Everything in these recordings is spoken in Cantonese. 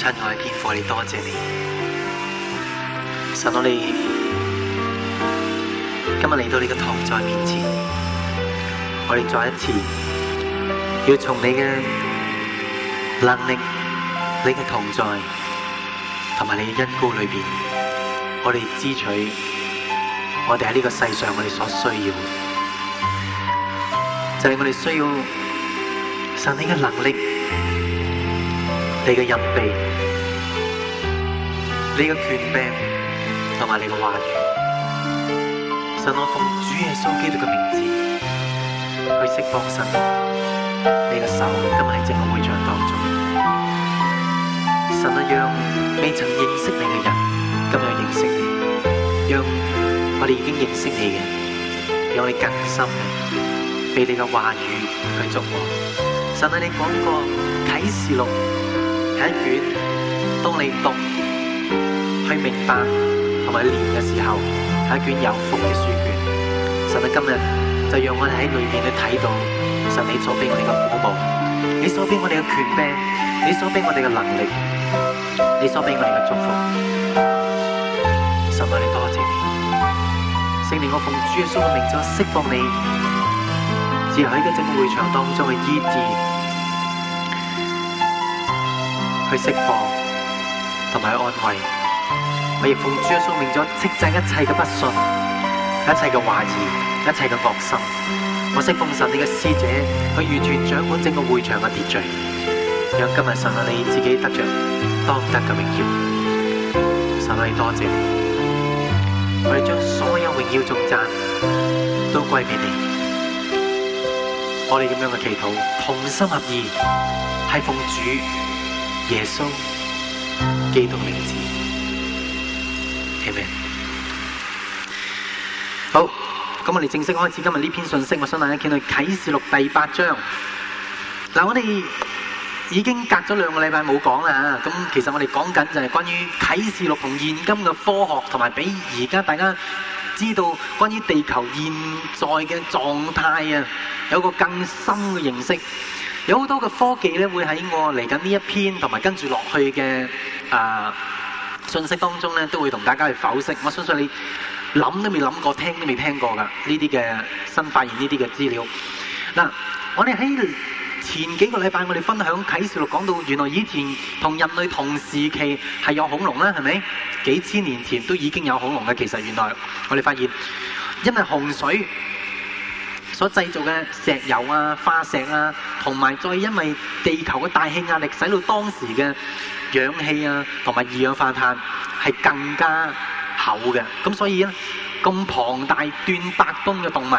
親愛的天父，我哋多謝你。神，我哋今日嚟到你的同在面前，我哋再一次要從你嘅能力、你嘅同在同埋你嘅恩膏裏面，我哋支取我哋喺呢個世上我哋所需要，就係我哋需要神你嘅能力。你嘅仁臂，你嘅權柄，同埋你嘅話語，神，我奉主耶穌基督嘅名字去釋放，神，你嘅手今日喺這個會場當中，神啊，讓未曾認識你嘅人今日認識你，讓我哋已經認識你嘅，讓你更深嘅被你嘅話語去觸摸。神，喺你講過啟示錄。一卷，當你讀、去明白同埋念嘅時候，係一卷有福嘅書卷。神啊,今日就讓我哋喺裏面去睇到，神你所俾我哋嘅鼓舞，你所俾我哋嘅權柄，你所俾我哋嘅能力，你所俾我哋嘅祝福。神啊，你多謝你，聖靈我奉主耶穌嘅名就釋放你，自由喺整個會場當中去醫治。去釋放同埋去安慰，我亦奉主所命咗，斥責一切嘅不信、一切嘅懷疑、一切嘅惡心。我悉奉神使，你嘅使者去完全掌管整個會場嘅秩序，讓今日神啊你自己得着當得嘅榮耀。神啊，多謝我哋將所有榮耀頌讚都歸俾你。我哋咁樣嘅祈禱，同心合意，係奉主。耶穌基督名字 amen。好，咁我哋正式開始今日呢篇信息。我想大家見到啟示錄第八章。嗱，我哋已經隔咗兩個禮拜冇講啦。咁其實我哋講緊就係關於啟示錄同現今嘅科學，同埋俾而家大家知道關於地球現在嘅狀態啊，有個更深嘅認識。有好多嘅科技咧，會喺我嚟緊呢一篇同埋跟住落去嘅啊信息當中咧，都會同大家去剖析。我相信你諗都未諗過，聽都未聽過噶呢啲嘅新發現、呢啲嘅資料。嗱，我哋喺前幾個禮拜，我哋分享啟示錄，講到原來以前同人類同時期係有恐龍啦，係咪？幾千年前都已經有恐龍嘅。其實原來我哋發現，因為洪水。所製造嘅石油啊、化石啊，同埋再因為地球嘅大氣壓力，使到當時嘅氧氣啊，同埋二氧化碳係更加厚嘅。咁所以咧，咁龐大、斷百噸嘅動物，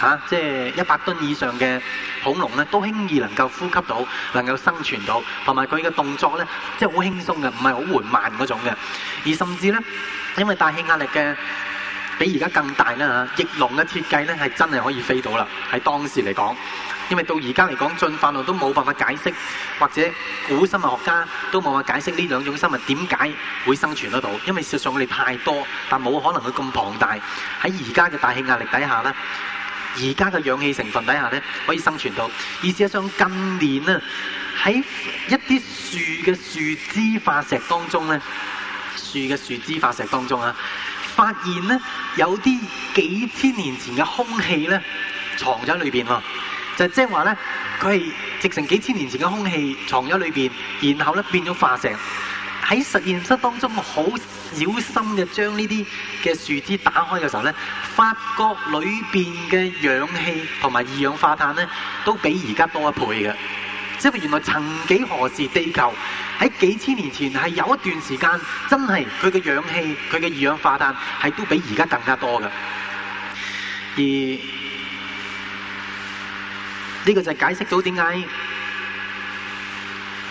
嚇，即係一百噸以上嘅恐龍咧，都輕易能夠呼吸到、能夠生存到，同埋佢嘅動作咧，即係好輕鬆嘅，唔係好緩慢嗰種嘅。而甚至咧，因為大氣壓力嘅。比而家更大啦嚇，翼龍嘅設計咧係真係可以飛到啦，喺當時嚟講。因為到而家嚟講，進化論都冇辦法解釋，或者古生物學家都冇辦法解釋呢兩種生物點解會生存得到。因為事實上佢哋太多，但冇可能佢咁龐大喺而家嘅大氣壓力底下咧，而家嘅氧氣成分底下咧可以生存到。而事實上近年呢，喺一啲樹嘅樹枝化石當中咧，樹嘅樹枝化石當中啊。發現咧，有啲幾千年前嘅空氣咧，藏咗喺裏邊喎。就即係話咧，佢係直成幾千年前嘅空氣藏咗裏邊，然後咧變咗化石。喺實驗室當中好小心嘅將呢啲嘅樹枝打開嘅時候咧，發覺裏邊嘅氧氣同埋二氧化碳咧，都比而家多一倍嘅。即係原來曾幾何時，地球喺幾千年前係有一段時間，真係佢嘅氧氣、佢嘅二氧化碳係都比而家更加多嘅。而呢個就係解釋到點解。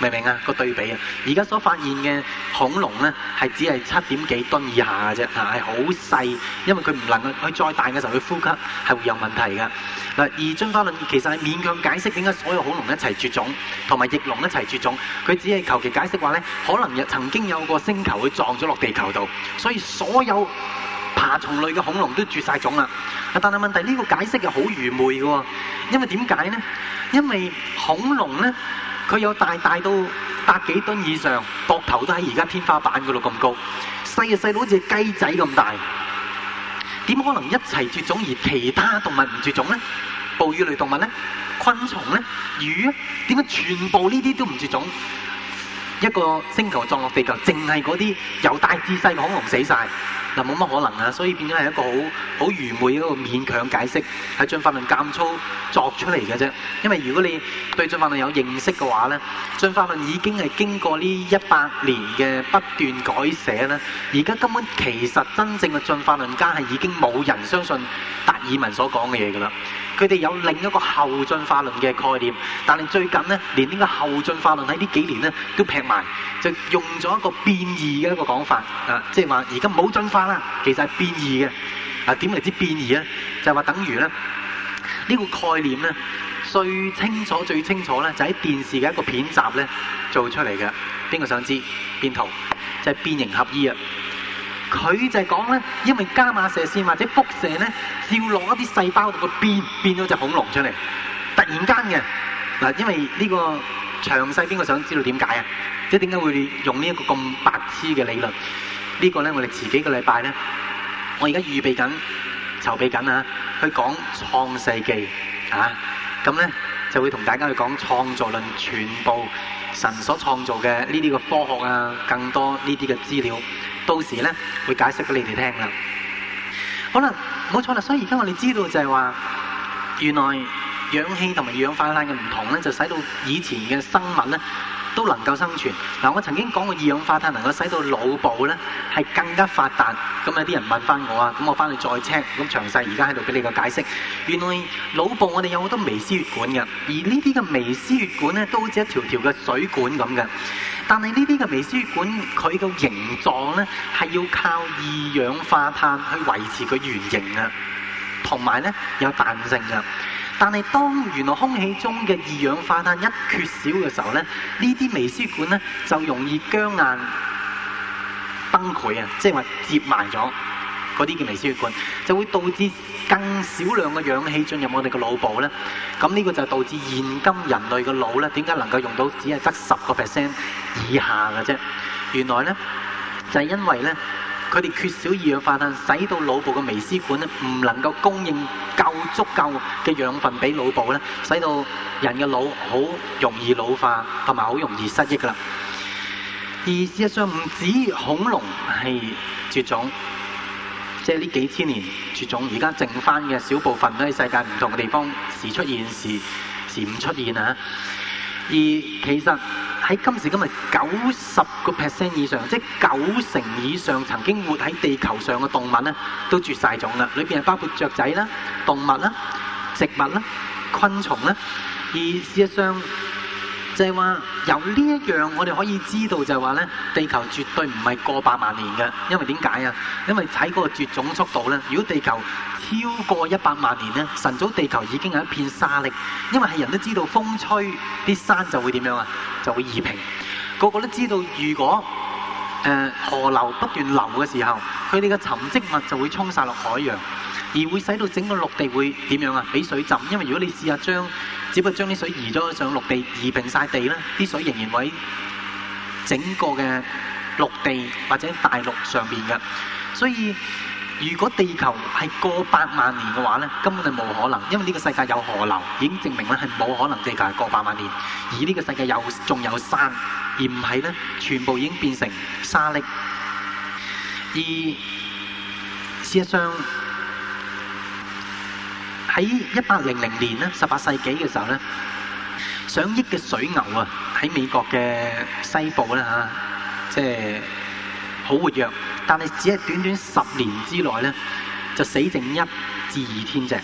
明唔明啊？個對比啊！而家所發現嘅恐龍咧，係只係七點幾噸以下嘅啫，係好細，因為佢唔能夠，佢再大嘅時候佢呼吸係會有問題㗎。嗱，而進化論其實係勉強解釋點解所有恐龍一齊絕種，同埋翼龍一齊絕種，佢只係求其解釋話咧，可能曾經有個星球會撞咗落地球度，所以所有爬蟲類嘅恐龍都絕晒種啦。但係問題呢個解釋又好愚昧嘅，因為點解呢？因為恐龍咧。佢有大大到百幾噸以上，膊頭都喺而家天花板嗰度咁高。細嘅細到好似雞仔咁大，點可能一齊絕種而其他動物唔絕種咧？哺乳類動物咧，昆蟲咧，魚啊，點解全部呢啲都唔絕種？一個星球撞落地球，淨係嗰啲由大至細嘅恐龍死晒。嗱，冇乜可能啊。所以變咗係一個好好愚昧一個勉強解釋，係進化論減粗作出嚟嘅啫。因為如果你對進化論有認識嘅話咧，進化論已經係經過呢一百年嘅不斷改寫咧，而家根本其實真正嘅進化論家係已經冇人相信達爾文所講嘅嘢㗎啦。佢哋有另一個後進化論嘅概念，但係最近咧，連呢個後進化論喺呢幾年咧都劈埋，就用咗一個變異嘅一個講法，啊，即係話而家唔好進化啦，其實係變異嘅。啊，點嚟之變異咧？就係話等於咧呢個概念咧，最清楚最清楚咧，就喺電視嘅一個片集咧做出嚟嘅。邊個想知道？變圖就係變形合衣啊！佢就係講咧，因為伽馬射線或者輻射咧，照落一啲細胞度，個變變咗隻恐龍出嚟，突然間嘅嗱，因為呢個詳細邊個想知道點解啊？即係點解會用呢一個咁白痴嘅理論？這個、呢個咧，我哋遲幾個禮拜咧，我而家預備緊、籌備緊啊，去講創世記啊，咁咧就會同大家去講創造論，全部神所創造嘅呢啲嘅科學啊，更多呢啲嘅資料。到時咧會解釋俾你哋聽啦。好啦，冇錯啦，所以而家我哋知道就係話，原來氧氣同埋氧化碳嘅唔同咧，就使到以前嘅生物咧，都能夠生存嗱，啊，我曾經講過二氧化碳能夠使到腦部咧係更加發達，咁有啲人問翻我啊，咁我翻去再 check，咁詳細而家喺度俾你個解釋。原來腦部我哋有好多微絲血管嘅，而這些呢啲嘅微絲血管咧都好似一條條嘅水管咁嘅，但係呢啲嘅微絲血管佢嘅形狀咧係要靠二氧化碳去維持佢圓形啊，同埋咧有彈性嘅。但係，當原來空氣中嘅二氧化碳一缺少嘅時候咧，呢啲微血管咧就容易僵硬、崩潰啊，即係話接埋咗嗰啲嘅微血管，就會導致更少量嘅氧氣進入我哋嘅腦部咧。咁呢個就導致現今人類嘅腦咧，點解能夠用到只係得十個 percent 以下嘅啫？原來咧就係因為咧。佢哋缺少二氧化碳，使到腦部嘅微絲管咧，唔能夠供應夠足夠嘅養分俾腦部咧，使到人嘅腦好容易老化同埋好容易失憶噶啦。而事實上唔止恐龍係絕種，即係呢幾千年絕種，而家剩翻嘅小部分都喺世界唔同嘅地方時出現時時唔出現啊！而其實喺今時今日，九十個 percent 以上，即係九成以上曾經活喺地球上嘅動物咧，都絕曬種啦。裏邊係包括雀仔啦、動物啦、植物啦、昆蟲啦，而事實上。就係、是、話由呢一樣，我哋可以知道就係話咧，地球絕對唔係過百萬年嘅，因為點解啊？因為睇嗰個絕種速度咧，如果地球超過一百萬年咧，晨早地球已經係一片沙粒，因為係人都知道風吹啲山就會點樣啊，就會夷平。個個都知道，如果誒、呃、河流不斷流嘅時候，佢哋嘅沉積物就會沖晒落海洋。而會使到整個陸地會點樣啊？俾水浸，因為如果你試下將只不過將啲水移咗上陸地移平曬地啦，啲水仍然會整個嘅陸地或者大陸上邊嘅。所以如果地球係過百萬年嘅話咧，根本就冇可能，因為呢個世界有河流已經證明咧係冇可能地球係過百萬年。而呢個世界有仲有山，而唔係咧全部已經變成沙粒。而事實上，喺一八零零年咧，十八世紀嘅時候咧，上億嘅水牛啊，喺美國嘅西部啦嚇，即係好活躍。但係只係短短十年之內咧，就死剩一至二千隻。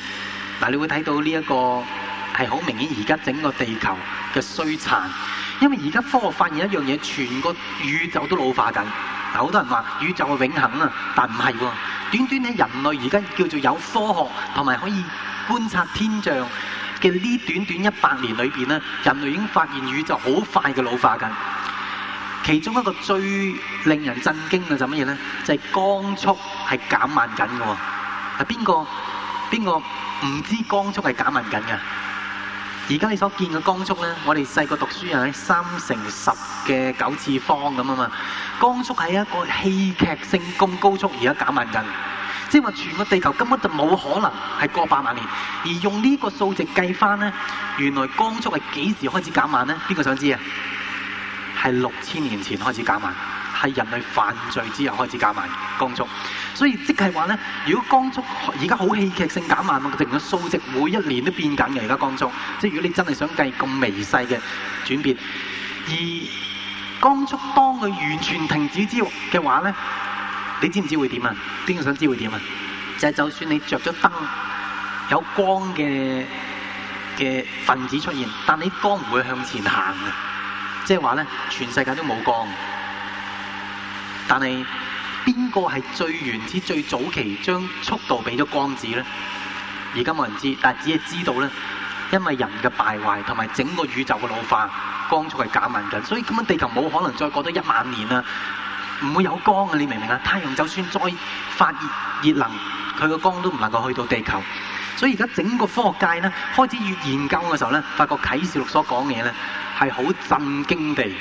嗱，你會睇到呢一個係好明顯，而家整個地球嘅衰殘。因為而家科學發現一樣嘢，全個宇宙都老化緊。有好多人話宇宙係永恆啊，但唔係喎。短短咧，人類而家叫做有科學同埋可以觀察天象嘅呢，短短一百年裏邊咧，人類已經發現宇宙好快嘅老化緊。其中一個最令人震驚嘅就乜嘢咧？就係光速係減慢緊㗎。係邊個？邊個唔知光速係減慢緊㗎？而家你所見嘅光速呢，我哋細個讀書人係三乘十嘅九次方咁啊嘛，光速係一個戲劇性咁高速而家減慢緊，即係話全個地球根本就冇可能係過百萬年，而用呢個數值計返呢，原來光速係幾時開始減慢呢？邊個想知啊？係六千年前開始減慢。係人類犯罪之後開始減慢光速，所以即係話咧，如果光速而家好戲劇性減慢啊，同埋數值每一年都變緊嘅而家光速。即係如果你真係想計咁微細嘅轉變，而光速當佢完全停止之嘅話咧，你知唔知會點啊？邊個想知會點啊？就係就算你着咗燈有光嘅嘅分子出現，但你光唔會向前行嘅，即係話咧，全世界都冇光。但係邊個係最原始、最早期將速度俾咗光子呢？而家冇人知，但係只係知道呢：因為人嘅敗壞同埋整個宇宙嘅老化，光速係減慢緊，所以咁樣地球冇可能再過多一萬年啦，唔會有光啊！你明唔明啊？太陽就算再發熱熱能，佢個光都唔能夠去到地球，所以而家整個科學界呢，開始要研究嘅時候呢，發覺啟示錄所講嘅嘢呢，係好震驚地。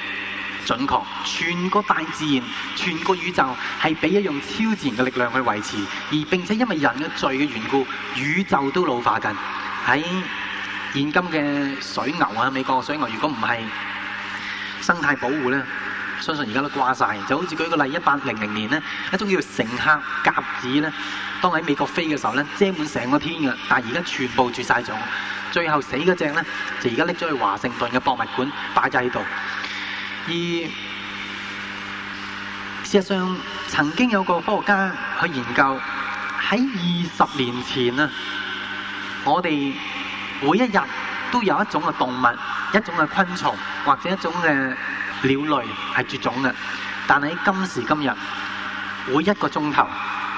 準確，全個大自然、全個宇宙係俾一樣超自然嘅力量去維持，而並且因為人嘅罪嘅緣故，宇宙都老化緊。喺現今嘅水牛啊，美國水牛，如果唔係生態保護咧，相信而家都掛晒。就好似舉個例，一八零零年呢，一種叫做乘客鴿子咧，當喺美國飛嘅時候咧，遮滿成個天嘅，但係而家全部住晒咗，最後死嗰隻咧，就而家拎咗去華盛頓嘅博物館擺曬喺度。而事實上，曾經有個科學家去研究，喺二十年前啊，我哋每一日都有一種嘅動物、一種嘅昆蟲或者一種嘅鳥類係絕種嘅。但喺今時今日，每一個鐘頭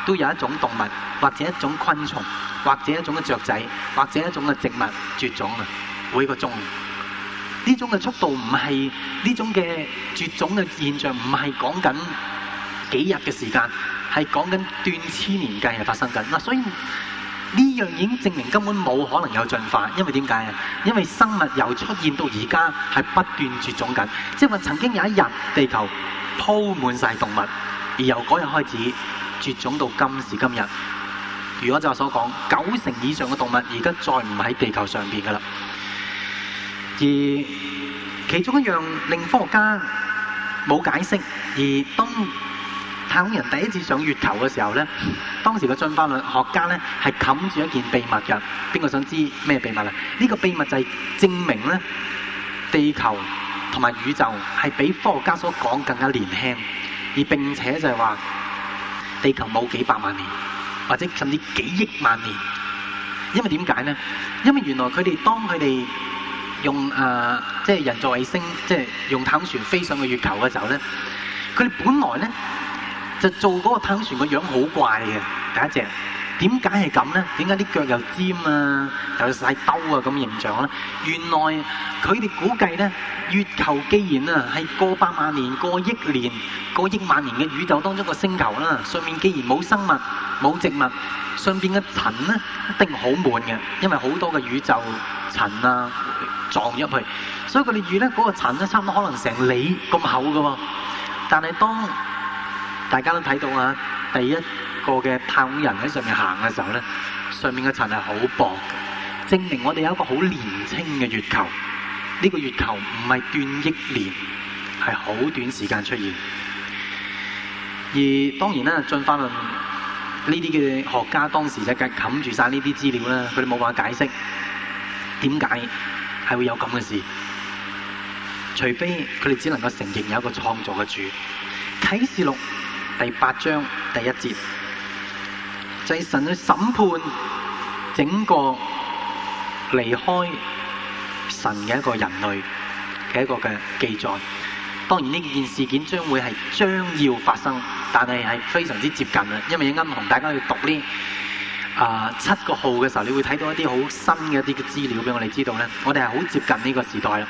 都有一種動物或者一種昆蟲或者一種嘅雀仔或者一種嘅植物絕種啦，每一個鐘。呢種嘅速度唔係，呢種嘅絕種嘅現象唔係講緊幾日嘅時間，係講緊斷千年計係發生緊嗱。所以呢樣已經證明根本冇可能有進化，因為點解啊？因為生物由出現到而家係不斷絕種緊，即係話曾經有一日地球鋪滿晒動物，而由嗰日開始絕種到今時今日。如果就我所講，九成以上嘅動物而家再唔喺地球上邊㗎喇。而其中一樣令科學家冇解釋，而當太空人第一次上月球嘅時候咧，當時嘅進化論學家咧係冚住一件秘密嘅。邊個想知咩秘密啊？呢個秘密就係證明咧，地球同埋宇宙係比科學家所講更加年輕，而並且就係話地球冇幾百萬年，或者甚至幾億萬年。因為點解咧？因為原來佢哋當佢哋用誒，即、呃、係、就是、人造衛星，即、就、係、是、用氫船飛上去月球嘅時候咧，佢哋本來咧就做嗰個氫船個樣好怪嘅，第一隻點解係咁咧？點解啲腳又尖啊，又有兜啊咁形象咧？原來佢哋估計咧，月球既然啊係過百萬年、過億年、過億萬年嘅宇宙當中個星球啦，上面既然冇生物、冇植物，上面嘅塵咧一定好滿嘅，因為好多嘅宇宙塵啊。撞入去，所以佢哋預咧嗰個層咧差唔多可能成厘咁厚噶嘛，但係當大家都睇到啊，第一個嘅太空人喺上面行嘅時候咧，上面嘅層係好薄，證明我哋有一個好年輕嘅月球，呢個月球唔係斷億年，係好短時間出現。而當然啦，進化論呢啲嘅學家當時就梗冚住晒呢啲資料啦，佢哋冇辦法解釋點解。為什麼係會有咁嘅事，除非佢哋只能夠承認有一個創造嘅主。啟示錄第八章第一節，就係神去審判整個離開神嘅一個人類嘅一個嘅記載。當然呢件事件將會係將要發生，但係係非常之接近啦，因為啱同大家去讀呢。啊、呃！七個號嘅時候，你會睇到一啲好新嘅一啲嘅資料俾我哋知道咧。我哋係好接近呢個時代啦。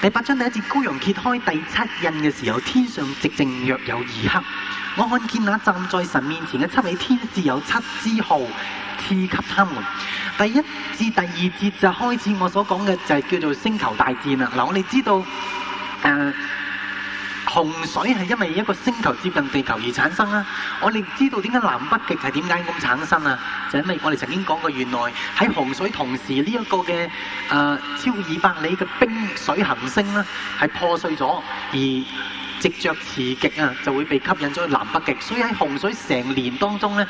第八章第一節，羔羊揭開第七印嘅時候，天上寂靜約有二刻。我看見那站在神面前嘅七位天使有七支號，賜給他們。第一至第二節就開始，我所講嘅就係叫做星球大戰啦。嗱、呃，我哋知道誒。呃洪水係因為一個星球接近地球而產生啦。我哋知道點解南北極係點解咁產生啊？就因為我哋曾經講過，原來喺洪水同時呢一個嘅誒超二百里嘅冰水行星啦，係破碎咗，而直着磁極啊就會被吸引咗去南北極。所以喺洪水成年當中咧。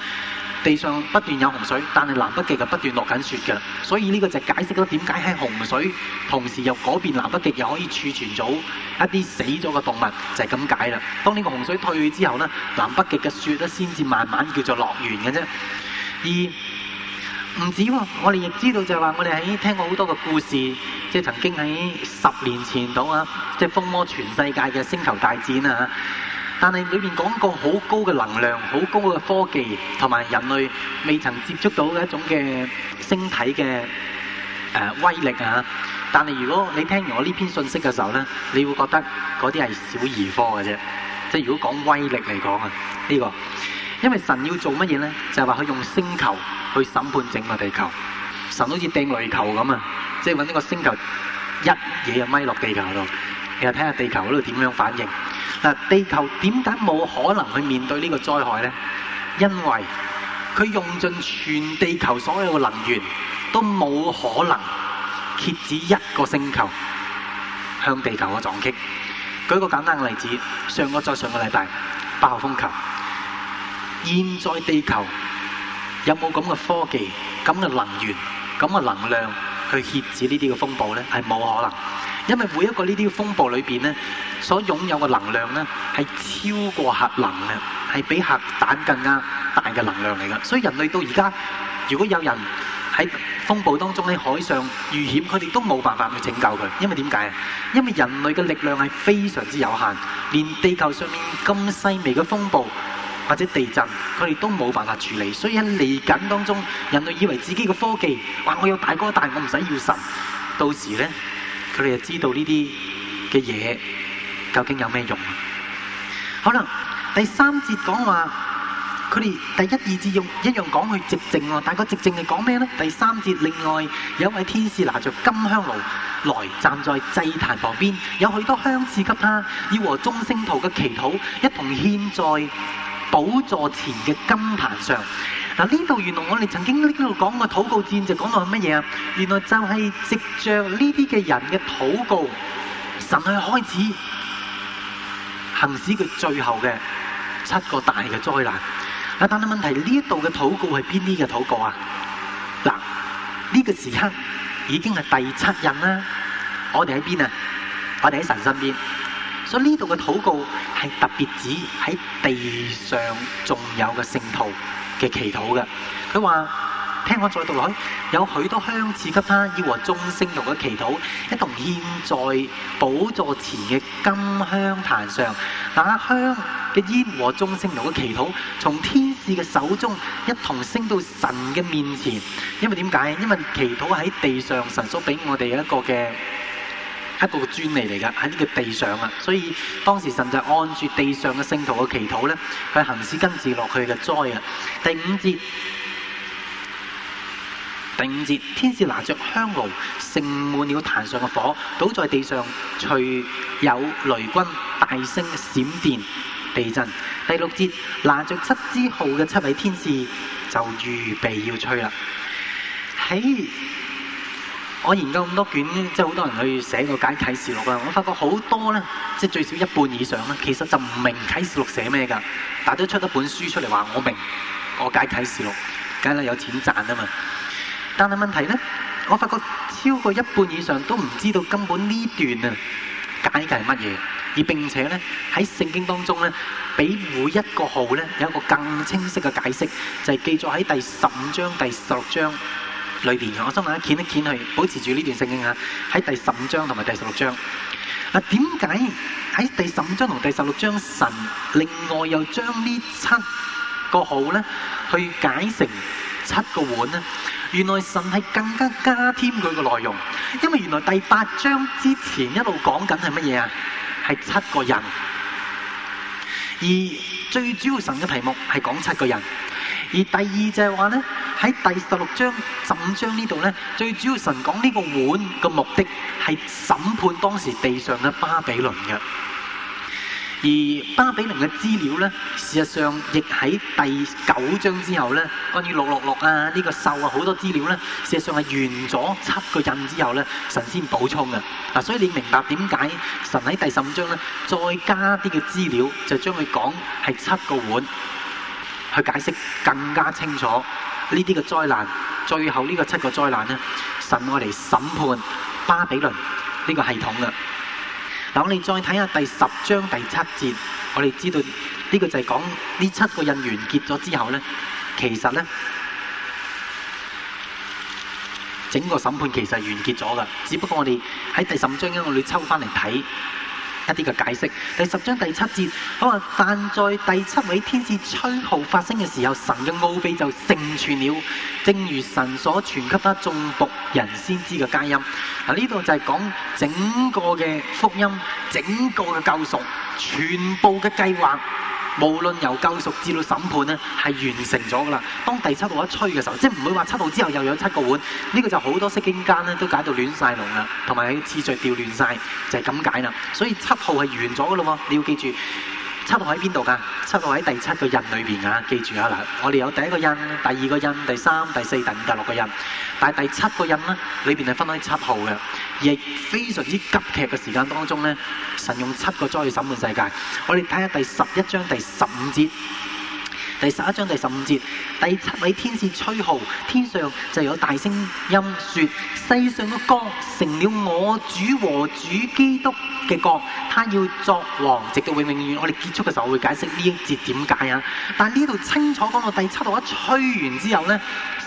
地上不斷有洪水，但係南北極就不斷落緊雪嘅，所以呢個就解釋咗點解喺洪水同時又改變南北極，又可以儲存到一啲死咗嘅動物，就係咁解啦。當呢個洪水退去之後呢，南北極嘅雪咧先至慢慢叫做落完嘅啫。而唔止喎，我哋亦知道就係話，我哋喺聽過好多個故事，即係曾經喺十年前到啊，即係風魔全世界嘅星球大戰啊。但係裏面講個好高嘅能量，好高嘅科技，同埋人類未曾接觸到嘅一種嘅星體嘅誒威力啊！但係如果你聽完我呢篇信息嘅時候呢，你會覺得嗰啲係小兒科嘅啫，即係如果講威力嚟講啊呢個，因為神要做乜嘢呢？就係話佢用星球去審判整個地球，神好似掟雷球咁啊！即係搵呢個星球一嘢就咪落地球度，然後睇下地球嗰度點樣反應。嗱，地球點解冇可能去面對呢個災害呢？因為佢用盡全地球所有嘅能源，都冇可能遏止一個星球向地球嘅撞擊。舉個簡單嘅例子，上個再上個禮拜，暴風球。現在地球有冇咁嘅科技、咁嘅能源、咁嘅能量去遏止呢啲嘅風暴呢？係冇可能。因為每一個呢啲風暴裏邊呢，所擁有嘅能量呢，係超過核能嘅，係比核彈更加大嘅能量嚟噶。所以人類到而家，如果有人喺風暴當中喺海上遇險，佢哋都冇辦法去拯救佢。因為點解啊？因為人類嘅力量係非常之有限，連地球上面咁細微嘅風暴或者地震，佢哋都冇辦法處理。所以喺嚟緊當中，人類以為自己嘅科技，話我有大哥大，我唔使要神，到時呢。佢哋就知道呢啲嘅嘢究竟有咩用。啊好，可能第三節講話，佢哋第一二節用一樣講去寂靜喎，但個寂靜係講咩咧？第三節，另外有一位天使拿著金香爐來站在祭壇旁邊，有許多香賜給他，要和眾聖徒嘅祈禱一同獻在。寶座前嘅金壇上，嗱呢度原來我哋曾經呢度講過禱告戰，就講到係乜嘢啊？原來就係藉著呢啲嘅人嘅禱告，神去開始行使佢最後嘅七個大嘅災難。嗱，但係問題，呢一度嘅禱告係邊啲嘅禱告啊？嗱，呢個時刻已經係第七印啦，我哋喺邊啊？我哋喺神身邊。所以呢度嘅禱告係特別指喺地上仲有嘅聖徒嘅祈禱嘅。佢話，聽我再讀落去，有許多香賜給他，要和眾聖徒嘅祈禱一同獻在寶座前嘅金香壇上。那香嘅煙和眾聖徒嘅祈禱從天使嘅手中一同升到神嘅面前。因為點解？因為祈禱喺地上，神所俾我哋一個嘅。一個專利嚟噶，喺呢個地上啊，所以當時神就按住地上嘅聖徒嘅祈禱咧，佢行使跟住落去嘅災啊。第五節，第五節，天使拿着香爐盛滿了壇上嘅火，倒在地上，隨有雷轟大聲閃電地震。第六節，拿着七支號嘅七位天使就預備要吹啦，喺、hey!。我研究咁多卷，即係好多人去寫個解啟示錄啊，我發覺好多咧，即係最少一半以上咧，其實就唔明啟示錄寫咩噶，但都出咗本書出嚟話我明我解啟示錄，梗係有錢賺啊嘛！但係問題咧，我發覺超過一半以上都唔知道根本呢段啊解啟係乜嘢，而並且咧喺聖經當中咧，畀每一個號咧有一個更清晰嘅解釋，就係記載喺第十五章第十六章。裏邊，我想一剪一剪去，保持住呢段聖經啊。喺第十五章同埋第十六章，啊，點解喺第十五章同第十六章神另外又將呢七個號咧，去解成七個碗呢？原來神係更加加添佢個內容，因為原來第八章之前一路講緊係乜嘢啊？係七個人，而最主要神嘅題目係講七個人。而第二就係話呢，喺第十六章、十五章呢度呢，最主要神講呢個碗嘅目的係審判當時地上嘅巴比倫嘅。而巴比倫嘅資料呢，事實上亦喺第九章之後呢，關於六六六啊呢個獸啊好多資料呢，事實上係完咗七個印之後呢，神先補充嘅。嗱，所以你明白點解神喺第十五章呢，再加啲嘅資料，就將佢講係七個碗。去解釋更加清楚呢啲嘅災難，最後呢個七個災難咧，神愛嚟審判巴比倫呢個系統嘅。嗱，我哋再睇下第十章第七節，我哋知道呢個就係講呢七個人完結咗之後呢，其實呢，整個審判其實完結咗嘅，只不過我哋喺第十章我哋抽翻嚟睇。一啲嘅解釋，第十章第七節，佢話：但在第七位天使吹號發聲嘅時候，神嘅奧秘就成全了，正如神所傳給他眾僕人先知嘅佳音。啊！呢度就係講整個嘅福音，整個嘅救贖，全部嘅計劃。無論由救贖至到審判呢，係完成咗噶啦。當第七號一吹嘅時候，即係唔會話七號之後又有七個碗。呢、呢個就好多釋經家咧都搞到亂晒龍啦，同埋喺次序調亂晒，就係咁解啦。所以七號係完咗噶咯喎，你要記住。七號喺邊度噶？七號喺第七個印裏邊啊！記住啊，嗱，我哋有第一個印、第二個印、第三、第四、第四、第五、第六個印，但係第七個印呢裏邊係分開七號嘅，而係非常之急劇嘅時間當中呢，神用七個災去審判世界。我哋睇下第十一章第十五節，第十一章第十五節。第七位天使吹號，天上就有大聲音說：世上嘅國成了我主和主基督嘅國，他要作王，直到永永遠遠。我哋結束嘅時候，我會解釋呢一節點解啊！但係呢度清楚講到第七號一吹完之後咧，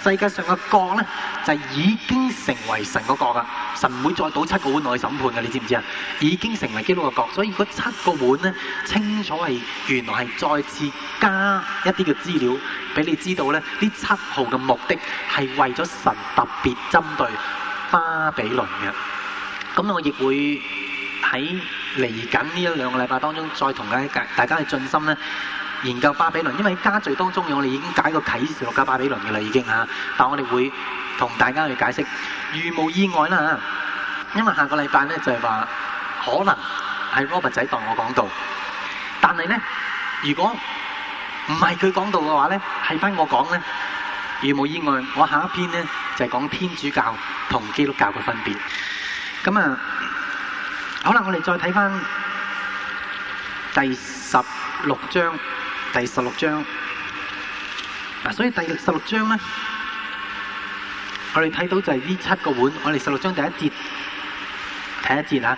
世界上嘅國咧就已經成為神嗰國噶，神唔會再倒七個碗落去審判噶，你知唔知啊？已經成為基督嘅國，所以如果七個碗咧清楚係原來係再次加一啲嘅資料俾你知道。咧，呢七號嘅目的係為咗神特別針對巴比倫嘅。咁我亦會喺嚟緊呢一兩個禮拜當中，再同大家大家去進心咧研究巴比倫。因為家聚當中，我哋已經解過啟示錄嘅巴比倫嘅啦，已經嚇。但係我哋會同大家去解釋。如無意外啦嚇，因為下個禮拜咧就係話可能係 Robert 仔當我講道，但係咧如果。唔係佢講到嘅話咧，係翻我講咧。如果冇意外，我下一篇咧就係、是、講天主教同基督教嘅分別。咁啊，好啦，我哋再睇翻第十六章，第十六章。嗱、啊，所以第十六章咧，我哋睇到就係呢七個碗。我哋十六章第一節睇一節吓、啊。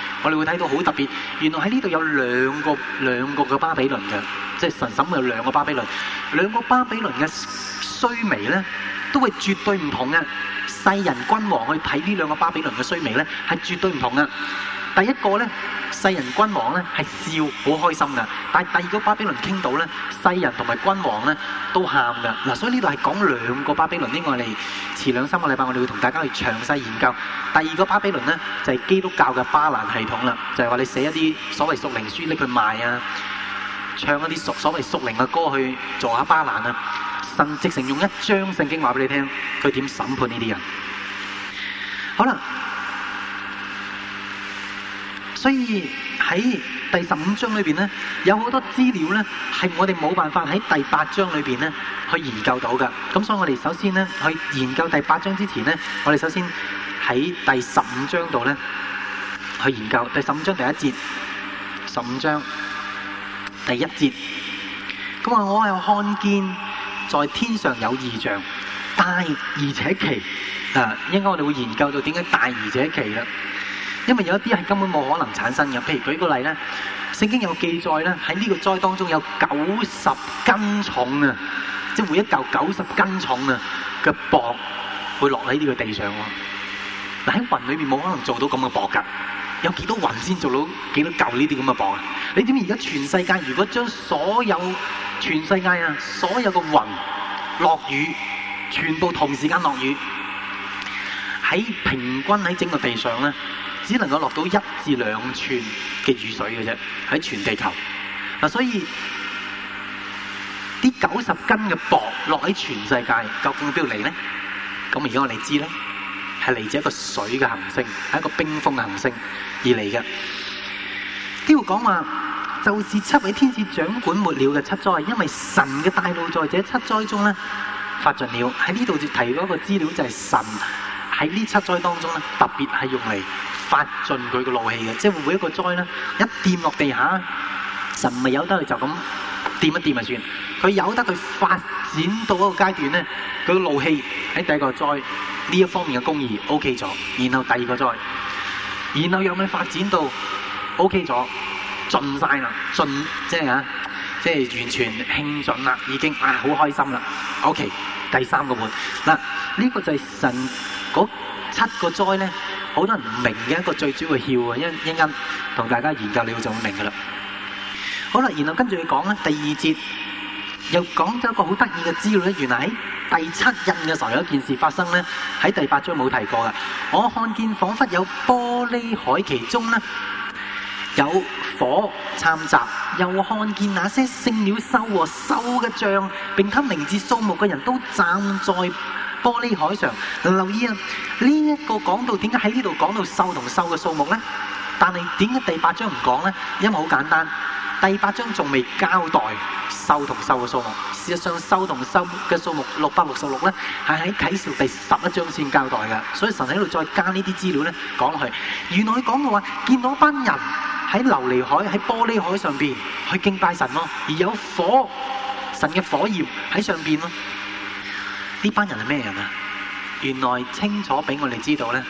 我哋會睇到好特別，原來喺呢度有兩個兩個嘅巴比倫嘅，即係神審有兩個巴比倫，兩個巴比倫嘅衰微咧，都係絕對唔同嘅。世人君王去睇呢兩個巴比倫嘅衰微咧，係絕對唔同嘅。第一個咧，世人君王咧係笑，好開心噶；但第二個巴比倫傾到咧，世人同埋君王咧都喊噶。嗱，所以呢度係講兩個巴比倫。因為我哋遲兩三個禮拜我哋會同大家去詳細研究。第二個巴比倫咧就係、是、基督教嘅巴蘭系統啦，就係、是、話你寫一啲所謂屬靈書拎去賣啊，唱一啲屬所謂屬靈嘅歌去做下巴蘭啊。甚至成用一張聖經話俾你聽，佢點審判呢啲人？好啦。所以喺第十五章裏邊咧，有好多資料咧，係我哋冇辦法喺第八章裏邊咧去研究到嘅。咁所以我哋首先咧去研究第八章之前咧，我哋首先喺第十五章度咧去研究。第十五章第一節，十五章第一節。咁啊，我又看見在天上有異象，大而且奇。啊，應該我哋會研究到點解大而且奇啦。因為有一啲係根本冇可能產生嘅，譬如舉個例咧，聖經有記載咧，喺呢個災當中有九十斤重啊，即係每一嚿九十斤重啊嘅雹會落喺呢個地上喎。嗱，喺雲裏面冇可能做到咁嘅雹噶，有幾多雲先做到幾多嚿呢啲咁嘅雹啊？你點知而家全世界如果將所有全世界啊所有嘅雲落雨，全部同時間落雨，喺平均喺整個地上咧？只能夠落到一至兩寸嘅雨水嘅啫，喺全地球嗱，所以啲九十斤嘅雹落喺全世界究竟邊度嚟呢？咁而家我哋知咧，係嚟自一個水嘅行星，係一個冰封嘅行星而嚟嘅。都要講話，就是七位天使掌管末了嘅七災，因為神嘅大怒在這七災中咧發盡了。喺呢度就提嗰個資料就係神喺呢七災當中咧特別係用嚟。發盡佢個怒氣嘅，即係會唔會一個災咧？一掂落地下，神咪有得佢就咁掂一掂咪算。佢有得佢發展到一個階段咧，佢怒氣喺第二個災呢一方面嘅公義 OK 咗，然後第二個災，然後有冇發展到 OK 咗盡晒啦？盡即係啊，即係完全興盡啦，已經啊好開心啦，OK。第三個門嗱，呢個就係神嗰七個災咧。好多人唔明嘅一個最主要嘅竅啊，一一陣間同大家研究你就會明噶啦。好啦，然後跟住要講咧，第二節又講咗一個好得意嘅資料，原來喺第七印嘅時候有一件事發生咧，喺第八章冇提過嘅。我看見彷彿有玻璃海其中啦，有火參雜，又看見那些聖鳥收和收嘅像，並給名字數目嘅人都站在。玻璃海上，留意啊！呢一個講到點解喺呢度講到獸同獸嘅數目咧？但係點解第八章唔講咧？因為好簡單，第八章仲未交代獸同獸嘅數目。事實上，獸同獸嘅數目六百六十六咧，係喺啟示第十一章先交代噶。所以神喺度再加呢啲資料咧，講落去。原來佢講嘅話，見到一班人喺琉璃海、喺玻璃海上邊去敬拜神咯，而有火，神嘅火焰喺上邊咯。呢班人係咩人啊？原來清楚俾我哋知道咧，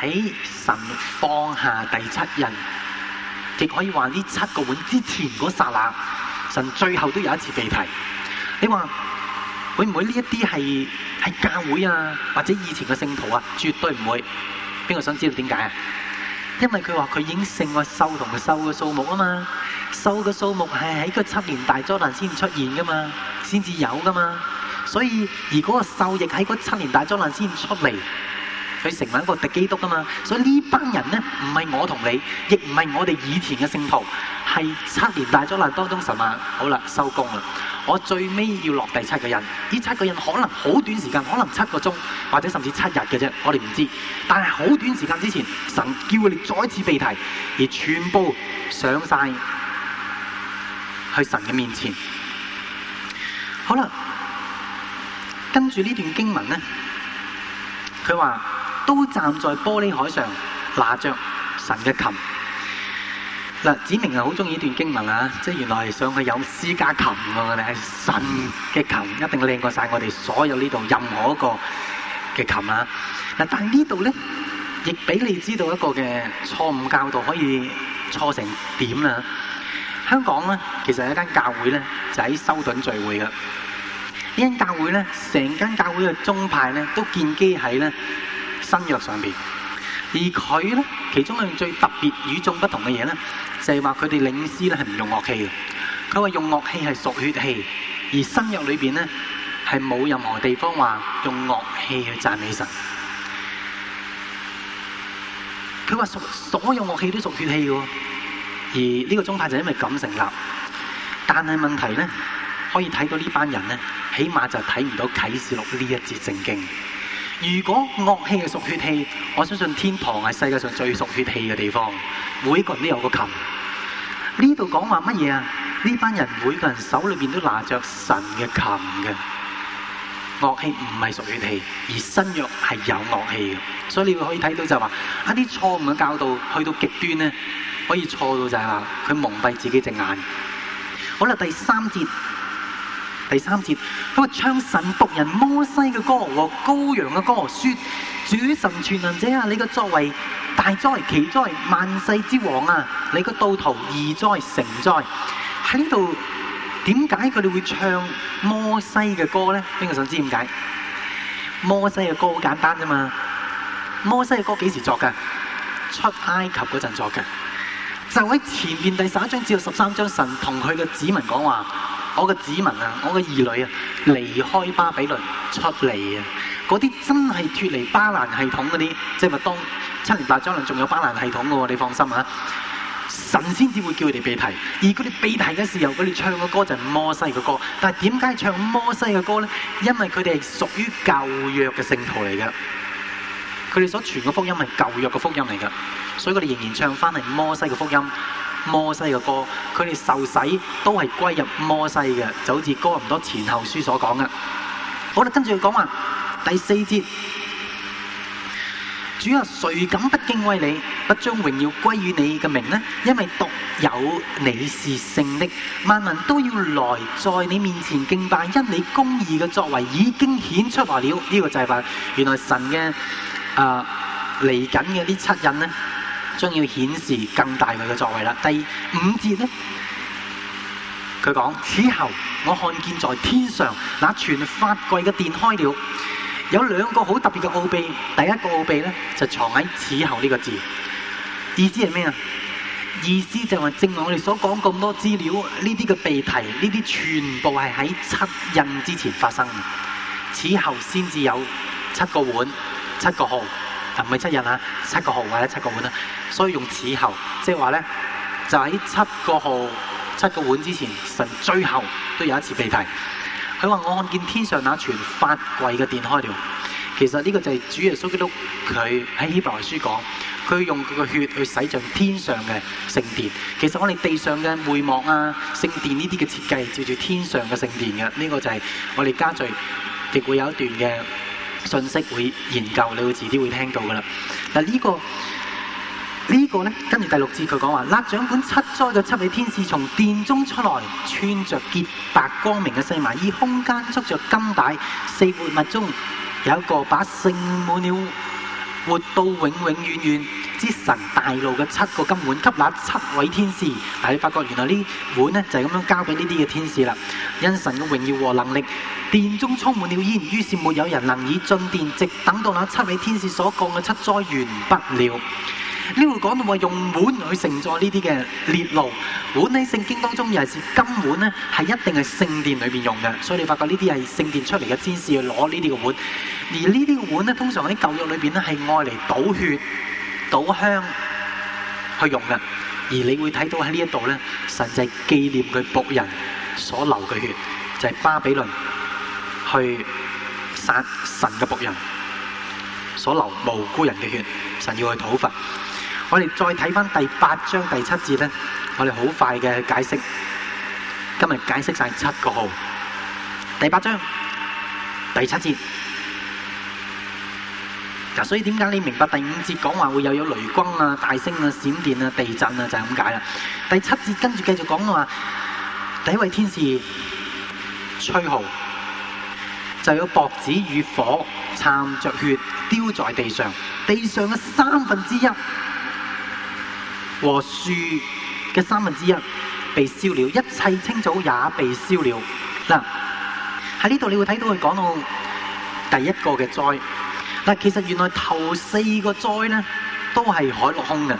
喺神放下第七印，亦可以話呢七個碗之前嗰刹那，神最後都有一次被提。你話會唔會呢一啲係係教會啊，或者以前嘅聖徒啊？絕對唔會。邊個想知道點解啊？因為佢話佢已經勝過獸同獸嘅數目啊嘛，獸嘅數目係喺個七年大災難先至出現噶嘛，先至有噶嘛。所以，如果個獸亦喺嗰七年大災難先出嚟，佢成為一個敵基督噶嘛。所以呢班人呢，唔係我同你，亦唔係我哋以前嘅聖徒，係七年大災難當中神話、啊。好啦，收工啦。我最尾要落第七個人，呢七個人可能好短時間，可能七個鐘或者甚至七日嘅啫，我哋唔知道。但係好短時間之前，神叫你再次被提，而全部上晒去神嘅面前。好啦。跟住呢段經文咧，佢話都站在玻璃海上，拿着神嘅琴。嗱，子明啊，好中意呢段經文啊，即係原來上去有私家琴嘅，我哋係神嘅琴，一定靚過晒我哋所有呢度任何一個嘅琴啊。嗱，但係呢度咧，亦俾你知道一個嘅錯誤教導，可以錯成點啊！香港咧，其實係一間教會咧，就喺修頓聚會噶。呢間教會咧，成間教會嘅宗派咧，都建基喺咧新約上邊。而佢咧，其中一樣最特別、與眾不同嘅嘢咧，就係話佢哋領詩咧係唔用樂器嘅。佢話用樂器係屬血氣，而新約裏邊咧係冇任何地方話用樂器去讚美神。佢話屬所有樂器都屬血氣嘅，而呢個宗派就因為咁成立。但係問題咧。可以睇到呢班人呢，起碼就睇唔到啟示錄呢一節正經。如果樂器係屬血氣，我相信天堂係世界上最屬血氣嘅地方，每個人都有個琴。呢度講話乜嘢啊？呢班人每個人手裏邊都拿着神嘅琴嘅。樂器唔係屬血氣，而新約係有樂器嘅，所以你會可以睇到就係話一啲錯誤嘅教導去到極端呢，可以錯到就係話佢蒙蔽自己隻眼。好啦，第三節。第三節，佢話，唱神僕人摩西嘅歌和羔羊嘅歌，說主神全能者啊，你個作為大災奇災，萬世之王啊，你個道途易災成災。喺呢度點解佢哋會唱摩西嘅歌咧？邊個想知點解？摩西嘅歌好簡單咋嘛？摩西嘅歌幾時作嘅？出埃及嗰陣作嘅。就喺前面第十一章至十三章，神同佢嘅子民講話。我嘅子民啊，我嘅兒女啊，離開巴比倫出嚟啊！嗰啲真係脫離巴蘭系統嗰啲，即係咪當七年大災難仲有巴蘭系統嘅喎？你放心啊！神先至會叫佢哋被提，而佢哋被提嘅時候，佢哋唱嘅歌就係摩西嘅歌。但係點解唱摩西嘅歌咧？因為佢哋係屬於舊約嘅聖徒嚟嘅，佢哋所傳嘅福音係舊約嘅福音嚟噶，所以佢哋仍然唱翻係摩西嘅福音。摩西嘅歌，佢哋受洗都係歸入摩西嘅，就好似《哥林多前後書》所講嘅。好啦，跟住佢講話第四節，主啊，誰敢不敬畏你，不將榮耀歸於你嘅名呢？因為獨有你是聖的，萬民都要來在你面前敬拜，因你公義嘅作為已經顯出來了。呢、這個就係話，原來神嘅誒嚟緊嘅啲七印呢？將要顯示更大佢嘅作為啦。第五節咧，佢講此後，我看見在天上那全法櫃嘅殿開了，有兩個好特別嘅奧秘。第一個奧秘咧，就藏喺“此後”呢個字，意思係咩啊？意思就係正如我哋所講咁多資料，呢啲嘅秘題，呢啲全部係喺七印之前發生嘅，此後先至有七個碗，七個號。唔係七日啊，七個號或者七個碗啦，所以用此後，即係話咧，就喺七個號、七個碗之前，神最後都有一次被提。佢話我看見天上那全發貴嘅殿開了，其實呢個就係主耶穌基督佢喺希伯來書講，佢用佢嘅血去洗淨天上嘅聖殿。其實我哋地上嘅會幕啊、聖殿呢啲嘅設計，照住天上嘅聖殿嘅。呢、呢個就係我哋家族，亦會有一段嘅。信息會研究，你會遲啲會聽到㗎喇。嗱、這個，呢、這個呢個咧，跟住第六節佢講話，立掌管七災嘅七位天使從殿中出來，穿着潔白光明嘅細麻衣，以胸間束着金帶，四活物中有一個把盛滿了。活到永永遠遠之神大路嘅七個金碗，給那七位天使。但你發覺原來呢碗呢就係咁樣交俾呢啲嘅天使啦。因神嘅榮耀和能力，殿中充滿了煙，於是沒有人能以進殿，直等到那七位天使所降嘅七災完畢了。呢度講到話用碗去盛載呢啲嘅烈怒，碗喺聖經當中尤其是金碗咧，係一定係聖殿裏邊用嘅，所以你發覺呢啲係聖殿出嚟嘅天使去攞呢啲嘅碗，而這些碗呢啲嘅碗咧，通常喺舊約裏邊咧係愛嚟倒血、倒香去用嘅，而你會睇到喺呢一度咧，神就係紀念佢僕人所流嘅血，就係、是、巴比倫去殺神嘅僕人。所流無辜人嘅血，神要去討伐。我哋再睇翻第八章第七節咧，我哋好快嘅解釋。今日解釋晒七個號，第八章第七節。嗱，所以點解你明白第五節講話會有有雷轟啊、大聲啊、閃電啊、地震啊就係、是、咁解啦。第七節跟住繼續講嘅話，第一位天使吹號，就有雹子與火摻着血，丟在地上，地上嘅三分之一和樹嘅三分之一被燒了，一切清早也被燒了。嗱、啊，喺呢度你會睇到佢講到第一個嘅災。但、啊、其實原來頭四個災呢，都係海陸空嘅。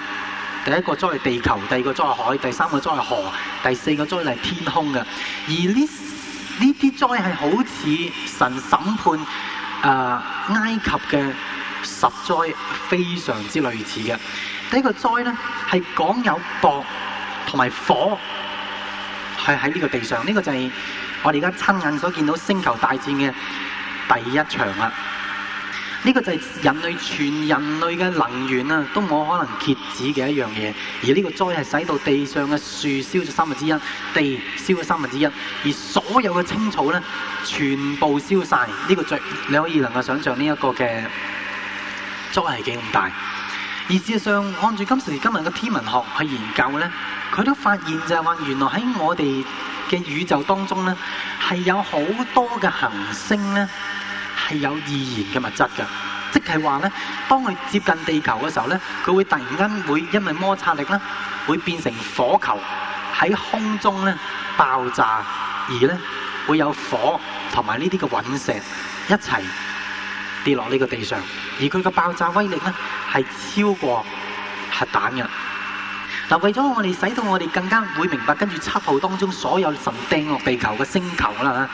第一個災係地球，第二個災係海，第三個災係河，第四個災係天空嘅。而呢呢啲災係好似神審判誒、呃、埃及嘅。十災非常之類似嘅，呢個災呢，係講有雹同埋火係喺呢個地上，呢個就係我哋而家親眼所見到星球大戰嘅第一場啦。呢個就係人類全人類嘅能源啊，都冇可能揭止嘅一樣嘢，而呢個災係使到地上嘅樹燒咗三分之一，地燒咗三分之一，而所有嘅青草呢，全部燒晒。呢個最你可以能夠想象呢一個嘅。足係幾咁大，而事實上，按住今時今日嘅天文學去研究咧，佢都發現就係話，原來喺我哋嘅宇宙當中咧，係有好多嘅行星咧，係有易燃嘅物質㗎，即係話咧，當佢接近地球嘅時候咧，佢會突然間會因為摩擦力咧，會變成火球喺空中咧爆炸，而咧會有火同埋呢啲嘅隕石一齊跌落呢個地上。而佢嘅爆炸威力呢，係超過核彈嘅。嗱、啊，為咗我哋使到我哋更加會明白，跟住七號當中所有神掟落地球嘅星球啦，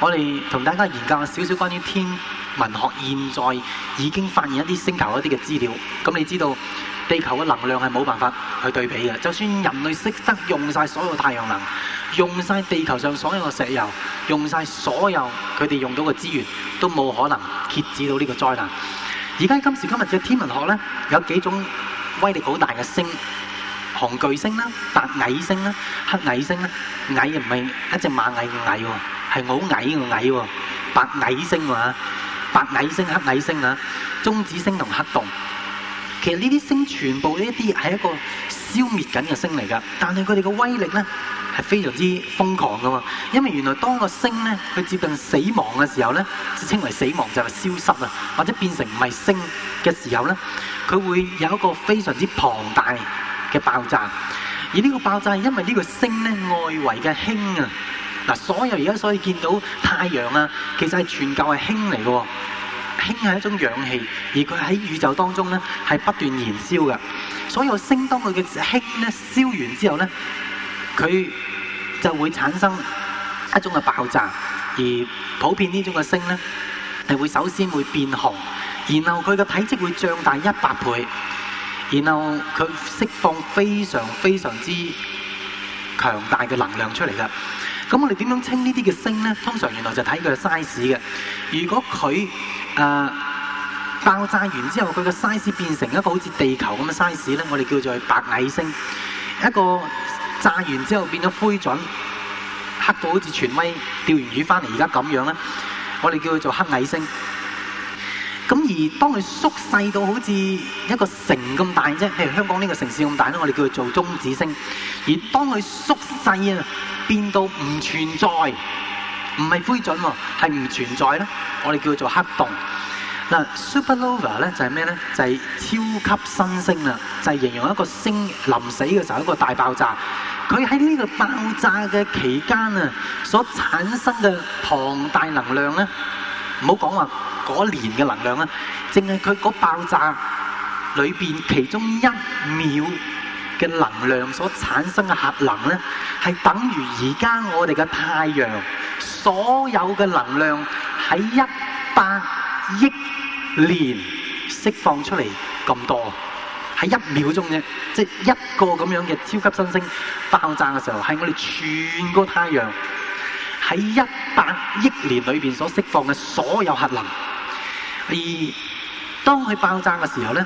我哋同大家研究咗少少關於天文學，現在已經發現一啲星球一啲嘅資料。咁、嗯、你知道地球嘅能量係冇辦法去對比嘅。就算人類識得用晒所有太陽能，用晒地球上所有嘅石油，用晒所有佢哋用到嘅資源，都冇可能遏止到呢個災難。而家今時今日嘅天文學咧，有幾種威力好大嘅星，紅巨星啦、白矮星啦、黑矮星啦，矮又唔係一隻螞蟻嘅蟻喎，係好矮嘅矮喎，白矮星啊，白矮星、黑矮星啊，中子星同黑洞。其實呢啲星全部呢一啲係一個消滅緊嘅星嚟噶，但係佢哋嘅威力呢係非常之瘋狂㗎嘛！因為原來當個星呢，佢接近死亡嘅時候呢，就稱為死亡就係消失啊，或者變成唔係星嘅時候呢，佢會有一個非常之龐大嘅爆炸。而呢個爆炸係因為呢個星呢外圍嘅氫啊，嗱所有而家所以見到太陽啊，其實係全球係氫嚟嘅喎。氫係一種氧氣，而佢喺宇宙當中咧，係不斷燃燒嘅，所有星當佢嘅氫咧燒完之後咧，佢就會產生一種嘅爆炸，而普遍這種呢種嘅星咧，係會首先會變紅，然後佢嘅體積會脹大一百倍，然後佢釋放非常非常之強大嘅能量出嚟㗎。咁我哋點樣稱呢啲嘅星咧？通常原來就睇佢嘅 size 嘅。如果佢、呃、爆炸完之後，佢嘅 size 變成一個好似地球咁嘅 size 咧，我哋叫做白矮星；一個炸完之後變咗灰燼，黑到好似全威釣完魚翻嚟而家咁樣咧，我哋叫佢做黑矮星。咁而當佢縮細到好似一個城咁大啫，譬如香港呢個城市咁大咧，我哋叫佢做中子星。而當佢縮細啊，變到唔存在，唔係灰燼喎，係唔存在咧，我哋叫佢做黑洞。嗱，supernova 咧就係咩咧？就係超級新星啦，就係形容一個星臨死嘅時候一個大爆炸。佢喺呢個爆炸嘅期間啊，所產生嘅龐大能量咧，唔好講話，嗰年嘅能量咧，淨係佢嗰爆炸裏邊其中一秒嘅能量所產生嘅核能咧，係等於而家我哋嘅太陽所有嘅能量喺一百億年釋放出嚟咁多，喺一秒鐘啫，即係一個咁樣嘅超級新星爆炸嘅時候，係我哋全個太陽喺一百億年裏邊所釋放嘅所有核能。而當佢爆炸嘅時候咧，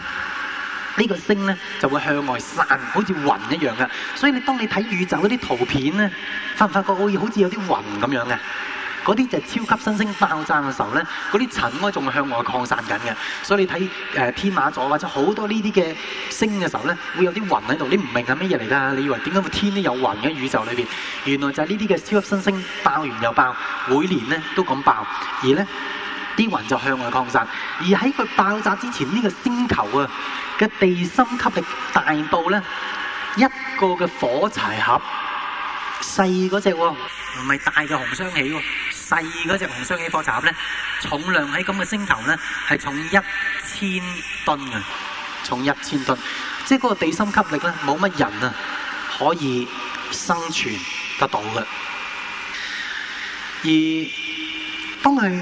呢個星咧就會向外散，好似雲一樣嘅。所以你當你睇宇宙嗰啲圖片咧，發唔發覺好似有啲雲咁樣嘅？嗰啲就係超級新星爆炸嘅時候咧，嗰啲塵應該仲向外擴散緊嘅。所以你睇誒、呃、天馬座或者好多呢啲嘅星嘅時候咧，會有啲雲喺度。你唔明係乜嘢嚟㗎？你以為點解會天都有雲喺宇宙裏邊？原來就係呢啲嘅超級新星爆完又爆，每年咧都咁爆，而咧。啲雲就向外擴散，而喺佢爆炸之前，呢個星球啊，嘅地心吸力大到咧，一個嘅火柴盒細嗰隻，唔係大嘅紅雙喜喎，細嗰隻紅雙喜火柴盒咧，重量喺咁嘅星球咧，係重一千噸啊，重一千噸，即係嗰個地心吸力咧，冇乜人啊可以生存得到㗎，而當佢，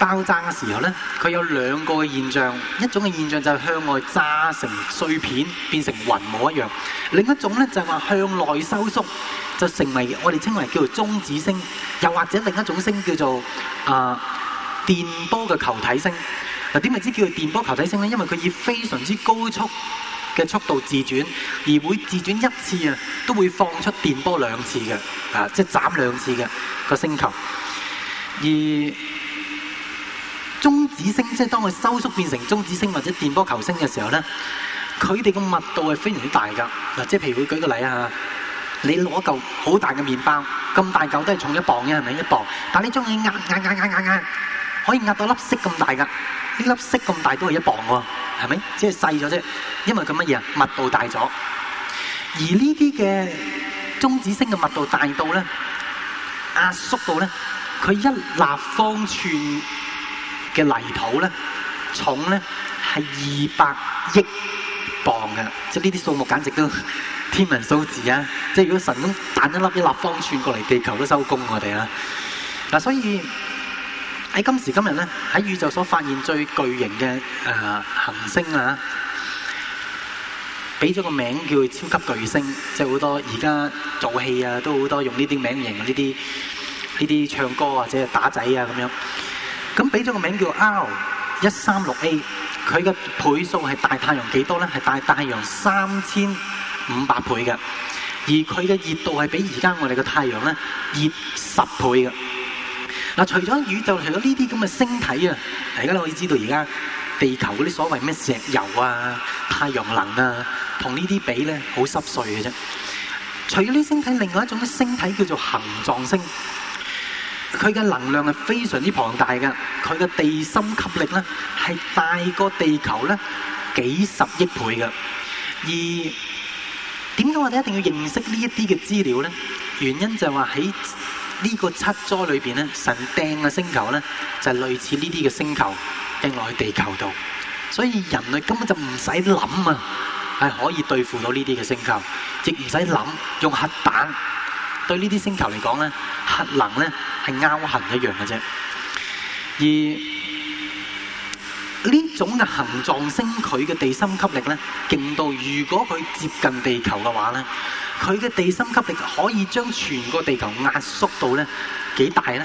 爆炸嘅時候呢，佢有兩個嘅現象，一種嘅現象就係向外炸成碎片，變成雲霧一樣；另一種呢，就係、是、話向內收縮，就成為我哋稱為叫做中子星，又或者另一種星叫做啊、呃、電波嘅球體星。嗱，點為之叫做電波球體星呢？因為佢以非常之高速嘅速度自轉，而會自轉一次啊，都會放出電波兩次嘅，啊、呃、即係斬兩次嘅個星球，而中子星即係當佢收縮變成中子星或者電波球星嘅時候咧，佢哋個密度係非常之大㗎。嗱，即係譬如會舉個例啊，你攞嚿好大嘅麵包，咁大嚿都係重一磅嘅，係咪一磅？但係你將佢壓壓壓壓壓壓，可以壓到粒色咁大㗎，呢粒色咁大都係一磅喎，係咪？即係細咗啫，因為咁乜嘢啊？密度大咗，而呢啲嘅中子星嘅密度大到咧，壓縮到咧，佢一立方寸。嘅泥土咧，重咧係二百億磅嘅，即係呢啲數目簡直都天文數字啊！即係如果神咁彈一粒一立方寸過嚟地球都收工我哋啦。嗱，所以喺今時今日咧，喺宇宙所發現最巨型嘅，呃、行星啊，俾咗個名叫超級巨星，即係好多而家做戲啊，都好多用呢啲名型呢啲呢啲唱歌或者打仔啊咁樣。咁俾咗個名叫 R 一三六 A，佢嘅倍數係大太陽幾多咧？係大太陽三千五百倍嘅，而佢嘅熱度係比而家我哋嘅太陽咧熱十倍嘅。嗱，除咗宇宙，除咗呢啲咁嘅星體啊，大家可以知道而家地球嗰啲所謂咩石油啊、太陽能啊，同呢啲比咧，好濕碎嘅啫。除咗呢啲星體，另外一種星體叫做恆狀星。佢嘅能量係非常之龐大嘅，佢嘅地心吸力呢，係大過地球呢幾十億倍嘅。而點解我哋一定要認識呢一啲嘅資料呢？原因就係話喺呢個七災裏邊呢，神掟嘅星球呢，就係類似呢啲嘅星球掟落去地球度，所以人類根本就唔使諗啊，係可以對付到呢啲嘅星球，亦唔使諗用核彈。對呢啲星球嚟講咧，核能咧係凹痕一樣嘅啫。而呢種嘅行星，佢嘅地心吸力咧勁到，如果佢接近地球嘅話咧，佢嘅地心吸力可以將全個地球壓縮到咧幾大咧？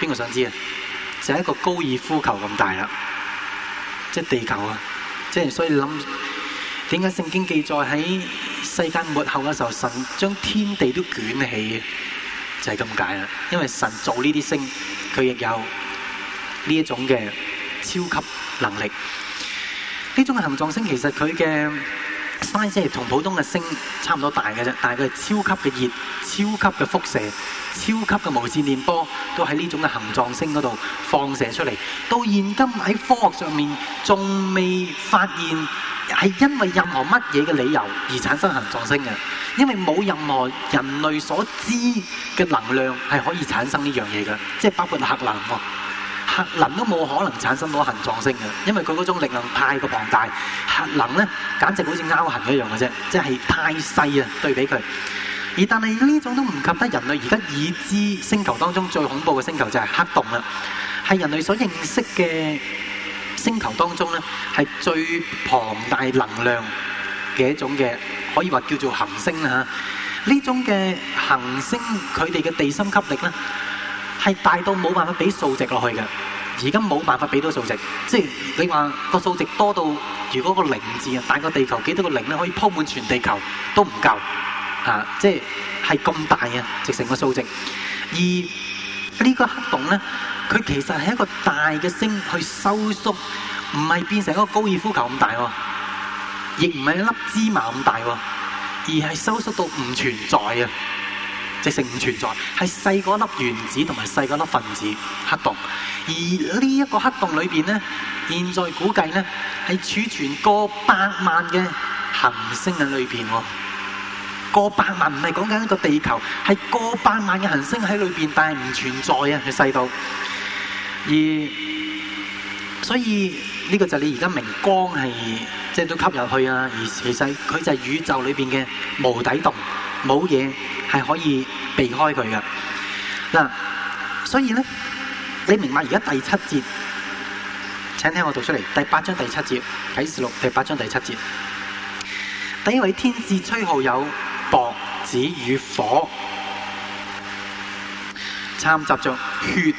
邊個想知啊？就係一個高爾夫球咁大啦，即係地球啊！即係所以諗。點解聖經記載喺世界末後嘅時候，神將天地都捲起？就係咁解啦。因為神造呢啲星，佢亦有呢一種嘅超級能力。呢種恆常星其實佢嘅。Size 係同普通嘅星差唔多大嘅啫，但係佢係超級嘅熱、超級嘅輻射、超級嘅無線電波，都喺呢種嘅行狀星嗰度放射出嚟。到現今喺科學上面仲未發現係因為任何乜嘢嘅理由而產生行狀星嘅，因為冇任何人類所知嘅能量係可以產生呢樣嘢嘅，即係包括核能喎。核能都冇可能產生到恆壯星嘅，因為佢嗰種力量太過龐大。核能咧，簡直好似鈕核一樣嘅啫，即係太細啊！對比佢。而但係呢種都唔及得人類而家已知星球當中最恐怖嘅星球就係黑洞啦，係人類所認識嘅星球當中咧，係最龐大能量嘅一種嘅，可以話叫做恆星啦嚇。呢種嘅恆星佢哋嘅地心吸力咧。係大到冇辦法俾數值落去嘅，而家冇辦法俾到數值，即係你話個數值多到，如果個零字啊，大個地球幾多個零咧，可以鋪滿全地球都唔夠，啊，即係係咁大啊，直成個數值。而呢個黑洞咧，佢其實係一個大嘅星去收縮，唔係變成一個高爾夫球咁大，亦唔係粒芝麻咁大，而係收縮到唔存在啊！即係成唔存在，係細嗰粒原子同埋細嗰粒分子黑洞，而呢一個黑洞裏面呢，現在估計呢，係儲存過百萬嘅恒星喺裏面，過百萬唔係講緊一個地球，係過百萬嘅恒星喺裏面，但係唔存在啊，喺細度。而所以呢個就係你而家明光係，即係都吸入去啊，而其實佢就係宇宙裏面嘅無底洞。冇嘢係可以避開佢嘅。嗱，所以咧，你明白而家第七節，請聽我讀出嚟，第八章第七節，啟示錄第八章第七節，第一位天使吹號，有雹子與火，摻雜着血，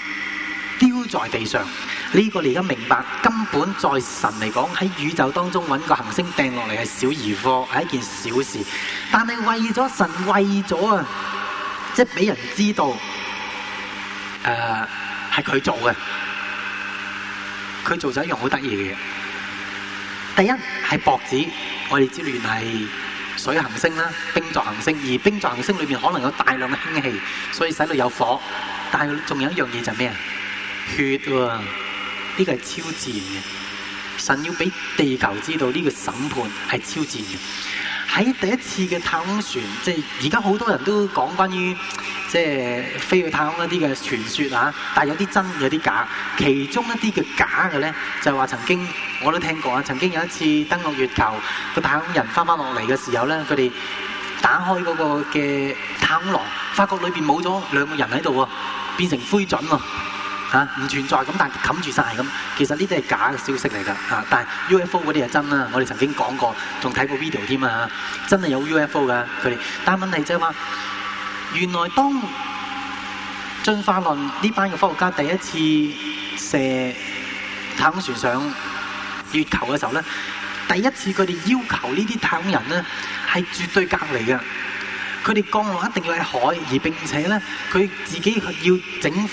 丟在地上。呢個你而家明白，根本在神嚟講，喺宇宙當中搵個行星掟落嚟係小兒科，係一件小事。但係為咗神，為咗啊，即係俾人知道，誒係佢做嘅。佢做咗一樣好得意嘅嘢。第一係雹子，我哋知聯係水行星啦，冰狀行星。而冰狀行星裏邊可能有大量嘅氫氣，所以使到有火。但係仲有一樣嘢就係咩啊？血喎！呢個係超自然嘅，神要俾地球知道呢個審判係超自然嘅。喺第一次嘅太空船，即係而家好多人都講關於即係飛去太空一啲嘅傳說啊，但係有啲真有啲假。其中一啲嘅假嘅咧，就係話曾經我都聽過啊。曾經有一次登陸月球個太空人翻翻落嚟嘅時候咧，佢哋打開嗰個嘅太空房，發覺裏邊冇咗兩個人喺度啊，變成灰燼啊。嚇、啊、唔存在咁，但冚住晒咁。其實呢啲係假嘅消息嚟㗎嚇，但係 UFO 嗰啲係真啦。我哋曾經講過，仲睇過 video 添啊，真係有 UFO 㗎佢哋，但係問題就係話，原來當進化論呢班嘅科學家第一次射太空船上月球嘅時候咧，第一次佢哋要求呢啲太空人咧，係絕對隔離嘅。佢哋降落一定要喺海，而並且咧佢自己要整。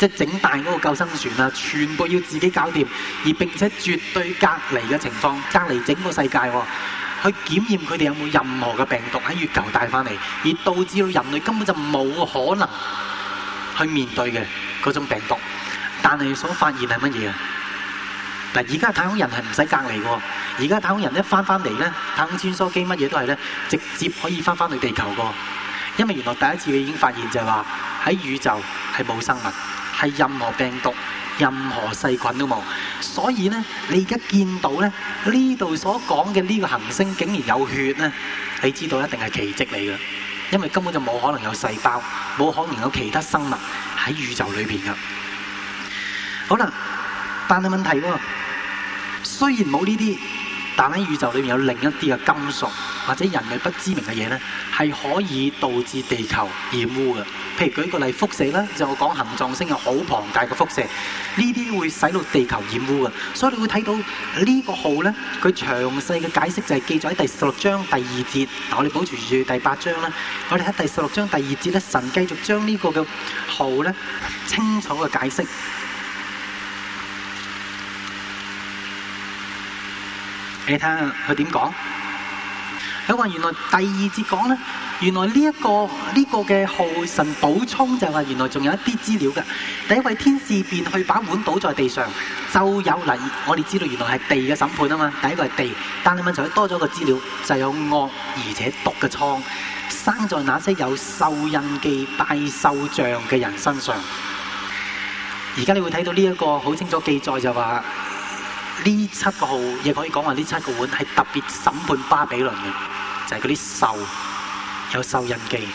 即整大嗰個救生船啊，全部要自己搞掂，而並且絕對隔離嘅情況，隔離整個世界，去檢驗佢哋有冇任何嘅病毒喺月球帶翻嚟，而導致到人類根本就冇可能去面對嘅嗰種病毒。但係所發現係乜嘢啊？嗱，而家太空人係唔使隔離嘅，而家太空人一翻翻嚟咧，太空穿梭機乜嘢都係咧，直接可以翻翻去地球㗎。因為原來第一次佢已經發現就係話喺宇宙係冇生物。係任何病毒、任何細菌都冇，所以咧，你而家見到咧，呢度所講嘅呢個行星竟然有血咧，你知道一定係奇蹟嚟嘅，因為根本就冇可能有細胞，冇可能有其他生物喺宇宙裏邊㗎。好啦，但係問題喎，雖然冇呢啲。但喺宇宙裏面有另一啲嘅金屬或者人類不知名嘅嘢呢，係可以導致地球染污嘅。譬如舉個例，輻射啦，就講核撞星嘅好龐大嘅輻射，呢啲會使到地球染污嘅。所以你會睇到呢個號呢，佢詳細嘅解釋就係記載喺第十六章第二節，我哋保存住第八章啦。我哋喺第十六章第二節呢，神繼續將呢個嘅號呢，清楚嘅解釋。你睇下佢點講？佢話原來第二節講呢，原來呢、這、一個呢、這個嘅後神補充就話，原來仲有一啲資料嘅。第一位天使便去把碗倒在地上，就有嚟。我哋知道原來係地嘅審判啊嘛。第一個係地，但係問題佢多咗個資料，就有惡而且毒嘅瘡生在那些有獸印記、拜獸像嘅人身上。而家你會睇到呢、這、一個好清楚記載就話、是。呢七個號，亦可以講話呢七個碗係特別審判巴比倫嘅，就係嗰啲獸有獸印記，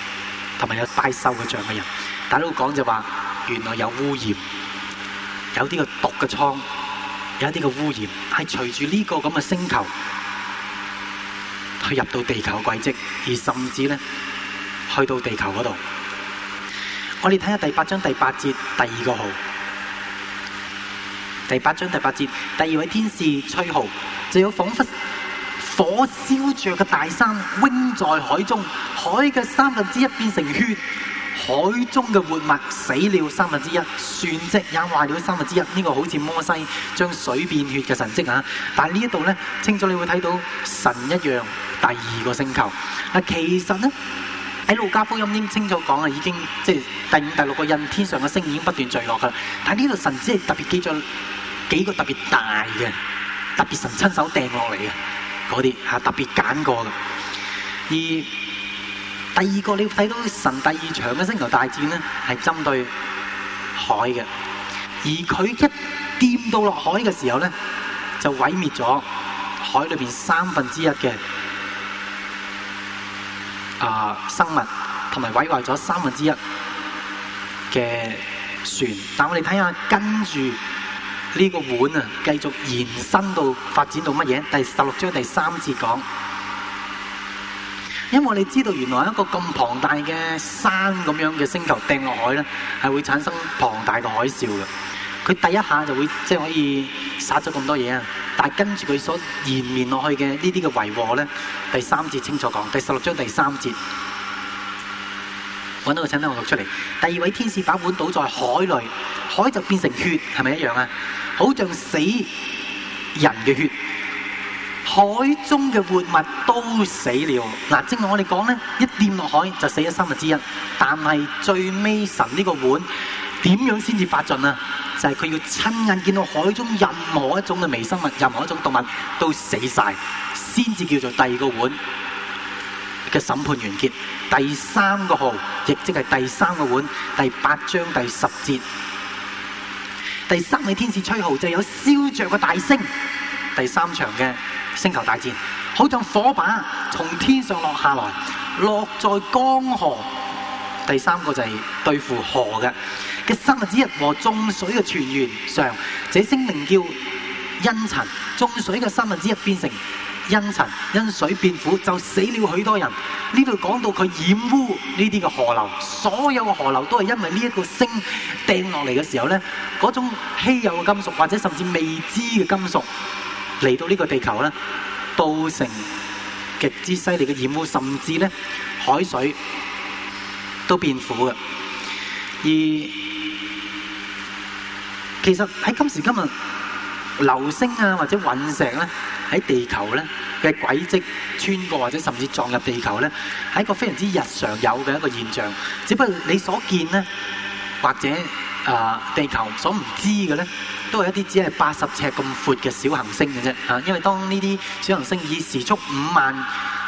同埋有拜獸嘅像嘅人。大家都講就話，原來有污染，有啲個毒嘅瘡，有啲個污染係隨住呢個咁嘅星球去入到地球嘅軌跡，而甚至呢，去到地球嗰度。我哋睇下第八章第八節，第二個號。第八章第八節，第二位天使吹號，就有仿佛火燒着嘅大山，扔在海中；海嘅三分之一變成血，海中嘅活物死了三分之一，船隻也壞咗三分之一。呢、這個好似摩西將水變血嘅神迹啊！但係呢一度呢，清楚你會睇到神一樣第二個星球。啊，其實呢，喺路加福音呢，清楚講啊，已經即係、就是、第五、第六個印，天上嘅星已經不斷墜落噶啦。但係呢度神子特別記住。幾個特別大嘅，特別神親手掟落嚟嘅嗰啲，吓特別揀過嘅。而第二個你睇到神第二場嘅星球大戰咧，係針對海嘅。而佢一掂到落海嘅時候咧，就毀滅咗海裏邊三分之一嘅啊、呃、生物，同埋毀壞咗三分之一嘅船。但我哋睇下跟住。呢個碗啊，繼續延伸到發展到乜嘢？第十六章第三節講，因為你知道原來一個咁龐大嘅山咁樣嘅星球掟落海咧，係會產生龐大嘅海嘯嘅。佢第一下就會即係可以殺咗咁多嘢啊，但係跟住佢所延綿落去嘅呢啲嘅遺禍咧，第三節清楚講，第十六章第三節。揾到個稱得我讀出嚟。第二位天使把碗倒在海內，海就變成血，係咪一樣啊？好像死人嘅血，海中嘅活物都死了。嗱，正如我哋講呢，一墊落海就死咗三分之一。但係最尾神呢個碗點樣先至發盡啊？就係佢要親眼見到海中任何一種嘅微生物，任何一種動物都死晒，先至叫做第二個碗嘅審判完結。第三個號，亦即係第三個碗，第八章第十節，第三位天使吹號，就有燒着嘅大星。第三場嘅星球大戰，好像火把從天上落下來，落在江河。第三個就係對付河嘅嘅三分之一和中水嘅泉源上，這聲名叫陰塵，中水嘅三分之一變成。因塵、因水變苦，就死了許多人。呢度講到佢染污呢啲嘅河流，所有嘅河流都係因為呢一個星掟落嚟嘅時候呢，嗰種稀有嘅金屬或者甚至未知嘅金屬嚟到呢個地球呢，造成極之犀利嘅染污，甚至呢海水都變苦嘅。而其實喺今時今日。流星啊，或者隕石呢，喺地球呢嘅軌跡穿過，或者甚至撞入地球呢，係一個非常之日常有嘅一個現象。只不過你所見呢，或者啊、呃、地球所唔知嘅呢，都係一啲只係八十尺咁闊嘅小行星嘅啫。啊，因為當呢啲小行星以時速五萬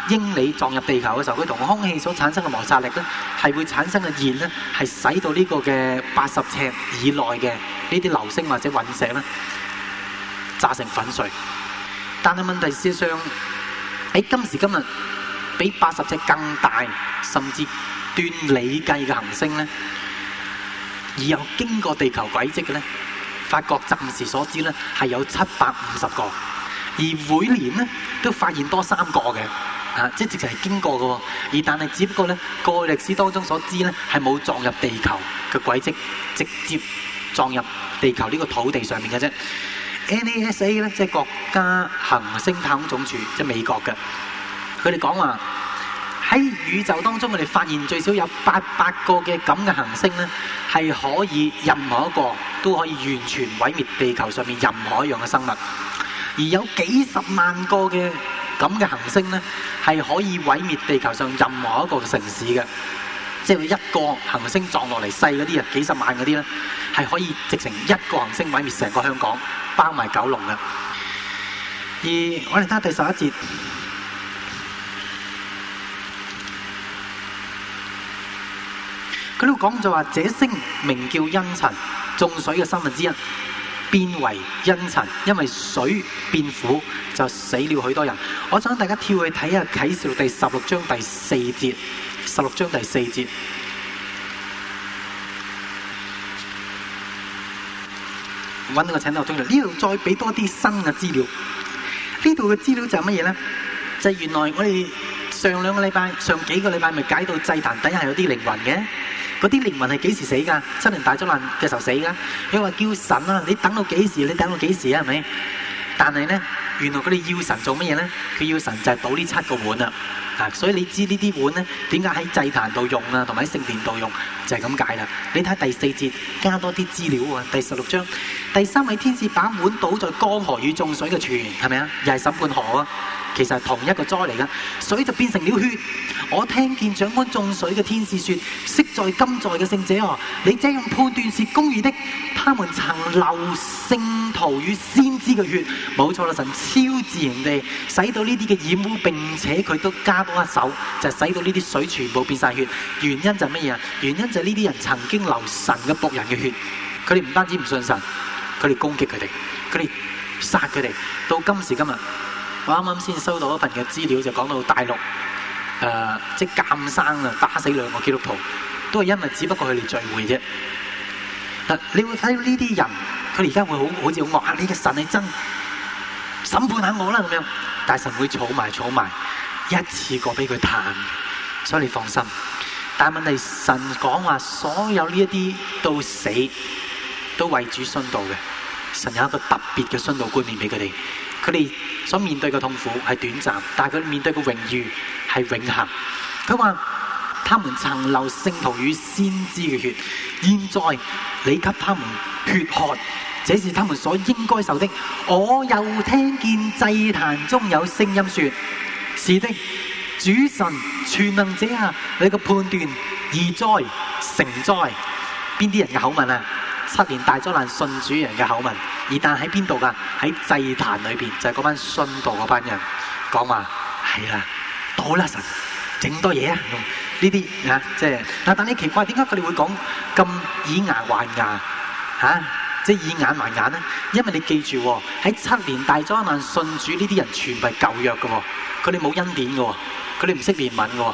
英里撞入地球嘅時候，佢同空氣所產生嘅摩擦力呢，係會產生嘅熱呢，係使到呢個嘅八十尺以內嘅呢啲流星或者隕石呢，炸成粉碎，但係問題事實上喺今時今日，比八十隻更大，甚至斷理計嘅行星咧，而又經過地球軌跡嘅咧，發覺暫時所知咧係有七百五十個，而每年咧都發現多三個嘅，啊，即係直情係經過嘅，而但係只不過咧，過去歷史當中所知咧係冇撞入地球嘅軌跡，直接撞入地球呢個土地上面嘅啫。N A S A 咧，即係國家行星探空總署，即係美國嘅。佢哋講話喺宇宙當中，佢哋發現最少有八百個嘅咁嘅行星咧，係可以任何一個都可以完全毀滅地球上面任何一樣嘅生物。而有幾十萬個嘅咁嘅行星咧，係可以毀滅地球上任何一個城市嘅。即係一個行星撞落嚟，細嗰啲啊，幾十萬嗰啲咧，係可以直成一個行星毀滅成個香港。包埋九龍啦。而我哋睇下第十一節，佢呢度講就話：這星名叫茵蔯，眾水嘅三分之一變為茵蔯，因為水變苦就死了許多人。我想大家跳去睇下啟示錄第十六章第四節，十六章第四節。揾到個請到中人，呢度再俾多啲新嘅資料。呢度嘅資料就係乜嘢咧？就係原來我哋上兩個禮拜、上幾個禮拜，咪解到祭壇底下有啲靈魂嘅。嗰啲靈魂係幾時死㗎？七年大災難嘅時候死㗎。你話叫神啊，你等到幾時？你等到幾時啊？係咪？但係咧。原來佢哋要神做乜嘢咧？佢要神就係倒呢七個碗啦，啊！所以你知呢啲碗咧點解喺祭壇度用啊，同埋喺聖殿度用，就係咁解啦。你睇第四節加多啲資料啊，第十六章第三位天使把碗倒在江河與眾水嘅泉，係咪啊？又係審判河啊！其實係同一個災嚟噶，水就變成了血。我聽見掌管眾水嘅天使說：昔在今在嘅聖者哦，你這樣判斷是公義的，他們曾流聖徒與先知嘅血。冇錯啦，神超自然地使到呢啲嘅染污，並且佢都加多一手，就使、是、到呢啲水全部變晒血。原因就係乜嘢啊？原因就係呢啲人曾經流神嘅僕人嘅血。佢哋唔單止唔信神，佢哋攻擊佢哋，佢哋殺佢哋，到今時今日。我啱啱先收到一份嘅資料，就講到大陸，誒、呃、即係監生啊，打死兩個基督徒，都係因為只不過佢哋聚會啫。嗱、啊，你會睇到呢啲人，佢哋而家會好好似好惡你嘅神，係真審判下我啦咁樣。但神會儲埋儲埋一次過俾佢嘆，所以你放心。但係問你神講話，所有呢一啲到死都為主殉道嘅，神有一個特別嘅殉道觀念俾佢哋。佢哋所面對嘅痛苦係短暫，但係佢面對嘅榮譽係永恆。佢話：他們曾流聖徒與先知嘅血，現在你給他們血汗，這是他們所應該受的。我又聽見祭壇中有聲音說：是的，主神全能者的的啊，你嘅判斷義哉誠哉，邊啲人嘅口吻啊？七年大災難信主人嘅口吻，而但喺邊度噶？喺祭壇裏邊就係嗰班信道嗰班人講話，係啦，倒啦、啊、神，整多嘢啊！呢啲啊，即、就、係、是、但但你奇怪，點解佢哋會講咁以牙還牙吓，即、啊、係、就是、以眼還眼咧？因為你記住喺七年大災難信主呢啲人全舊的，全部係舊約噶，佢哋冇恩典噶，佢哋唔識憐憫噶。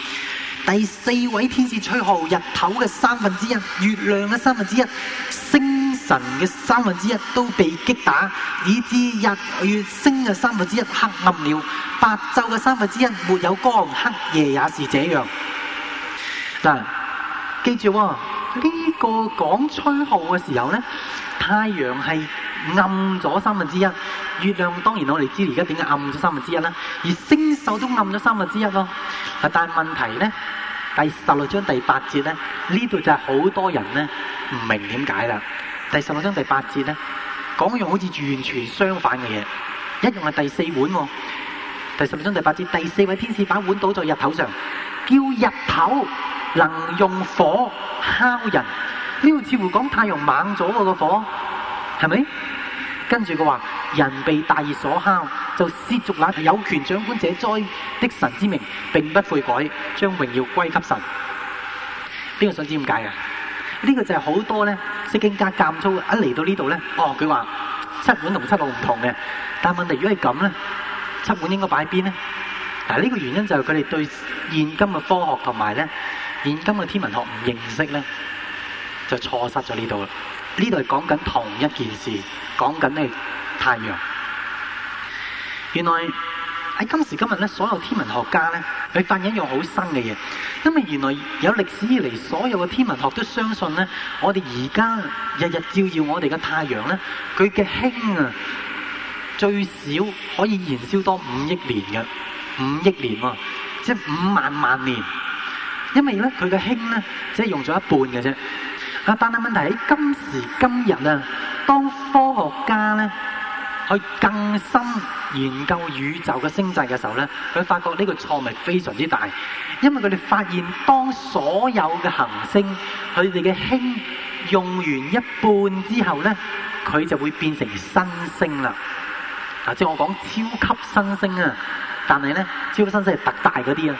第四位天使吹號，日頭嘅三分之一、月亮嘅三分之一、星辰嘅三分之一都被擊打，以致日、月、星嘅三分之一黑暗了。白晝嘅三分之一沒有光，黑夜也是這樣。嗱，記住喎，呢個講吹號嘅時候呢，太陽系。暗咗三分之一，月亮當然我哋知而家點解暗咗三分之一啦，而星宿都暗咗三分之一咯。但係問題咧，第十六章第八節咧，呢度就係好多人咧唔明點解啦。第十六章第八節咧，講用好似完全相反嘅嘢，一樣係第四碗。第十六章第八節，第四位天使把碗倒在日頭上，叫日頭能用火烤人，呢度似乎講太陽猛咗個火，係咪？跟住佢話人被大熱所烤，就褻瀆那有權掌管這災的神之名，並不悔改，將榮耀歸給神。邊個想知點解呀？呢個就係好多咧，釋經家監粗一嚟到呢度咧，哦，佢話七本七同七個唔同嘅，但係問題，如果係咁咧，七本應該擺邊咧？嗱，呢個原因就係佢哋對現今嘅科學同埋咧，現今嘅天文學唔認識咧，就錯失咗呢度啦。呢度係講緊同一件事，講緊咧太陽。原來喺今時今日咧，所有天文學家咧，佢發現一樣好新嘅嘢。因為原來有歷史以嚟，所有嘅天文學都相信咧，我哋而家日日照耀我哋嘅太陽咧，佢嘅氫啊最少可以燃燒多五億年嘅，五億年啊，即係五萬萬年。因為咧，佢嘅氫咧，即係用咗一半嘅啫。啊！但係問題喺今時今日啊，當科學家咧去更深研究宇宙嘅星際嘅時候咧，佢發覺呢個錯誤非常之大，因為佢哋發現當所有嘅行星佢哋嘅氫用完一半之後咧，佢就會變成新星啦。嗱，即係我講超級新星啊！但係咧，超級新星係特大嗰啲啊，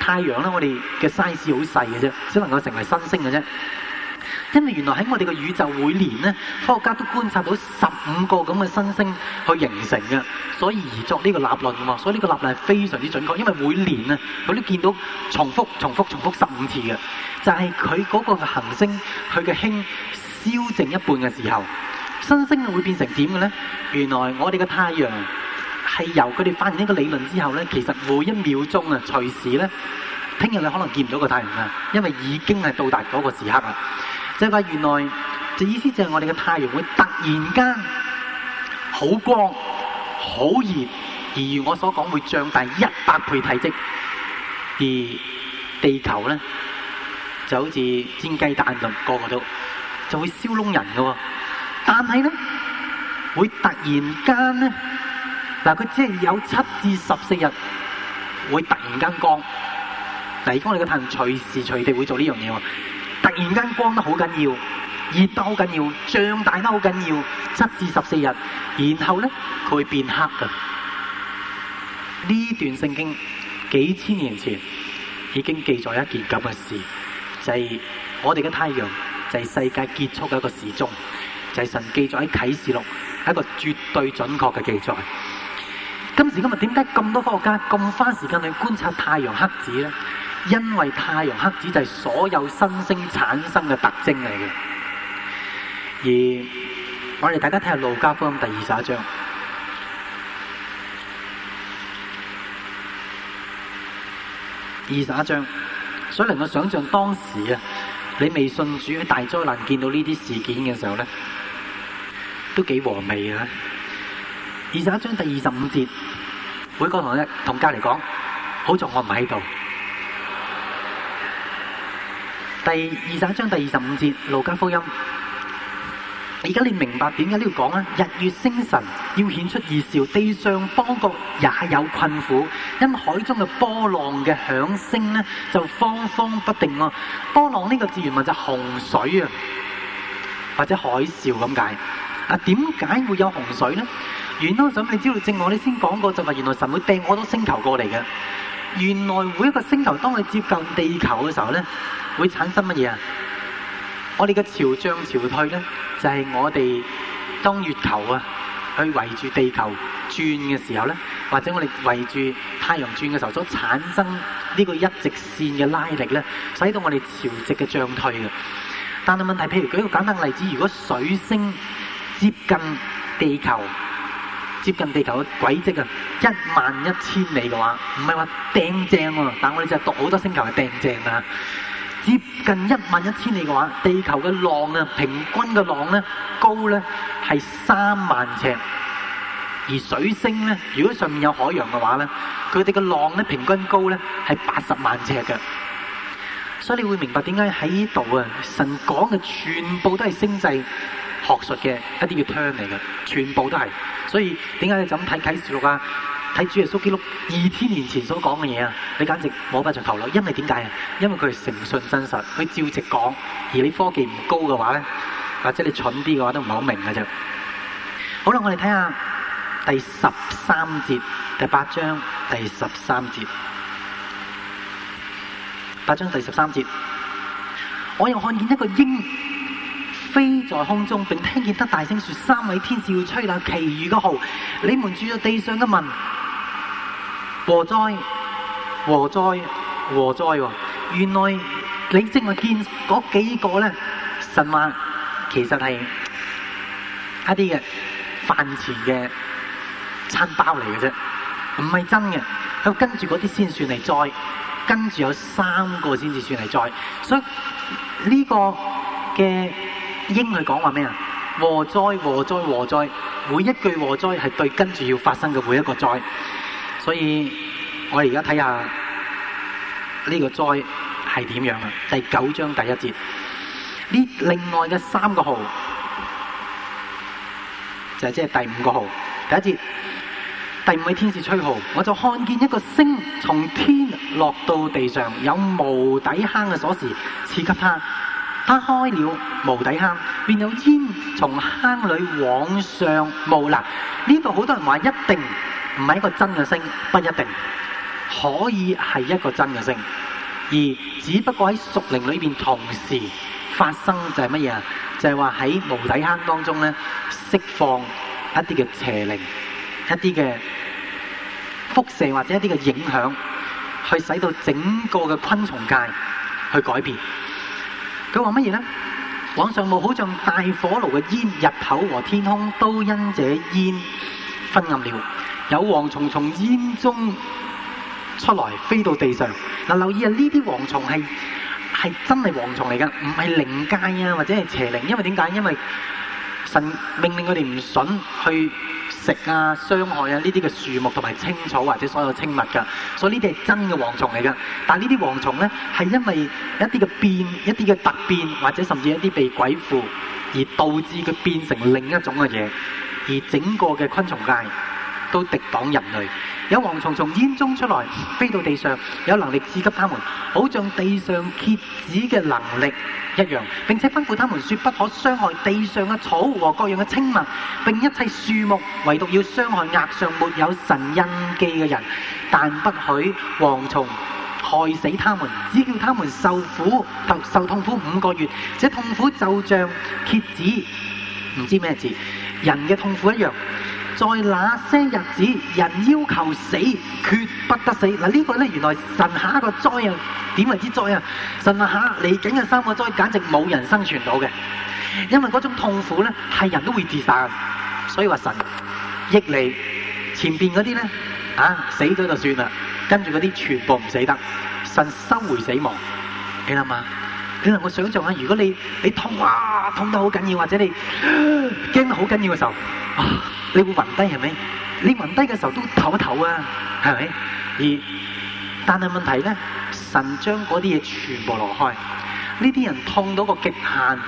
太陽咧，我哋嘅 size 好細嘅啫，只能夠成為新星嘅啫。因為原來喺我哋嘅宇宙每年呢，科學家都觀察到十五個咁嘅新星去形成嘅，所以而作呢個立論。所以呢個立論係非常之準確，因為每年呢佢都見到重複、重複、重複十五次嘅。就係佢嗰個行星佢嘅氫燒剩一半嘅時候，新星會變成點嘅呢？原來我哋嘅太陽係由佢哋發現呢個理論之後呢，其實每一秒鐘啊，隨時呢，聽日你可能見唔到個太陽啦，因為已經係到達嗰個時刻啦。即係話原來，就意思就係我哋嘅太陽會突然間好光好熱，而如我所講會脹大一百倍體積，而地球咧，就好似煎雞蛋咁，個個都就會燒窿人嘅。但係咧會突然間咧，嗱佢只係有七至十四日會突然間光，但如果我哋嘅太陽隨時隨地會做呢樣嘢。突然間光得好緊要，熱得好緊要，脹大得好緊要，七至十四日，然後咧佢會變黑噶。呢段聖經幾千年前已經記載一件咁嘅事，就係、是、我哋嘅太陽就係、是、世界結束嘅一個時鐘，就係、是、神記載喺啟示錄，係一個絕對準確嘅記載。今時今日點解咁多科學家咁花時間去觀察太陽黑子咧？因為太陽黑子就係所有新星產生嘅特徵嚟嘅，而我哋大家睇下路加福音第二十一章。二十一章，所以能夠想象當時啊，你未信主喺大災難見到呢啲事件嘅時候咧，都幾和味嘅。二十一章第二十五節，每個同學同家嚟講，好在我唔喺度。第二十一章第二十五節路加福音，而家你明白點解呢度講啊？日月星辰要顯出異兆，地上邦國也有困苦，因海中嘅波浪嘅響聲咧就方方不定咯。波浪呢個字原文就係洪水啊，或者海嘯咁解。啊，點解會有洪水咧？原來想你知道，正如我哋先講過就話，原來神會掟好多星球過嚟嘅。原來每一個星球當你接近地球嘅時候咧。會產生乜嘢啊？我哋嘅潮漲潮退咧，就係、是、我哋當月球啊，去圍住地球轉嘅時候咧，或者我哋圍住太陽轉嘅時候，所產生呢個一直線嘅拉力咧，使到我哋潮汐嘅漲退啊。但係問題是，譬如舉一個簡單例子，如果水星接近地球，接近地球嘅軌跡啊，一萬一千里嘅話，唔係話掟正喎、啊，但我哋就係讀好多星球係掟正啊。接近一萬一千里嘅話，地球嘅浪啊，平均嘅浪咧高咧係三萬尺，而水星咧，如果上面有海洋嘅話咧，佢哋嘅浪咧平均高咧係八十萬尺嘅，所以你會明白點解喺呢度啊，神講嘅全部都係星際學術嘅一啲嘅 term 嚟嘅，全部都係，所以點解你咁睇啟示錄啊？睇主耶穌基督二千年前所講嘅嘢啊，你簡直摸不着頭腦。因為點解啊？因為佢係誠信真實，佢照直講。而你科技唔高嘅話咧，或者你蠢啲嘅話，都唔係好明嘅啫。好啦，我哋睇下第十三節第八章第十三節，八章第十三節。我又看見一個鷹飛在空中，並聽見得大聲說：三位天使要吹響其餘嘅號，你們住喺地上嘅民禍災，禍災，禍災！原來你正話見嗰幾個咧神話，其實係一啲嘅飯前嘅餐包嚟嘅啫，唔係真嘅。咁跟住嗰啲先算嚟災，跟住有三個先至算嚟災。所以呢個嘅英語佢講話咩啊？禍災，禍災，禍災！每一句禍災係對跟住要發生嘅每一個災。所以我哋而家睇下呢個災係點樣啊？第九章第一節，呢另外嘅三個號就係即係第五個號，第一節，第五位天使吹號，我就看見一個星從天落到地上，有無底坑嘅鎖匙賜給他，他開了無底坑，便有煙從坑裏往上冒啦。呢度好多人話一定。唔係一個真嘅星，不一定可以係一個真嘅星，而只不過喺屬靈裏邊同時發生就係乜嘢啊？就係話喺無底坑當中咧，釋放一啲嘅邪靈、一啲嘅輻射或者一啲嘅影響，去使到整個嘅昆蟲界去改變。佢話乜嘢咧？往上冒好像大火爐嘅煙，日頭和天空都因這煙昏暗了。有蝗蟲從煙中出來，飛到地上嗱，留意啊！呢啲蝗蟲係係真係蝗蟲嚟噶，唔係靈界啊，或者係邪靈。因為點解？因為神命令佢哋唔準去食啊、傷害啊呢啲嘅樹木同埋青草或者所有嘅青物噶，所以呢啲係真嘅蝗蟲嚟噶。但係呢啲蝗蟲咧係因為一啲嘅變、一啲嘅突變或者甚至一啲被鬼附而導致佢變成另一種嘅嘢，而整個嘅昆蟲界。都敵擋人類，有蝗蟲從煙中出來，飛到地上，有能力賜給他們，好像地上蠍子嘅能力一樣，並且吩咐他們說：不可傷害地上嘅草和各樣嘅青物，並一切樹木，唯獨要傷害額上沒有神印記嘅人，但不許蝗蟲害死他們，只叫他們受苦，受痛苦五個月，這痛苦就像蠍子唔知咩字，人嘅痛苦一樣。在那些日子，人要求死，決不得死。嗱、這個，呢個咧，原來神下一個災啊，點為之災啊？神下下，你境嘅三個災，簡直冇人生存到嘅，因為嗰種痛苦咧，係人都會自殺。所以話神益你，前邊嗰啲咧，啊死咗就算啦，跟住嗰啲全部唔死得，神收回死亡，記得嘛？你能我想象下，如果你你痛啊痛到好緊要，或者你驚到好緊要嘅時候，啊、你會暈低，係咪？你暈低嘅時候都唞一唞啊，係咪？而但係問題咧，神將嗰啲嘢全部挪開，呢啲人痛到個極限，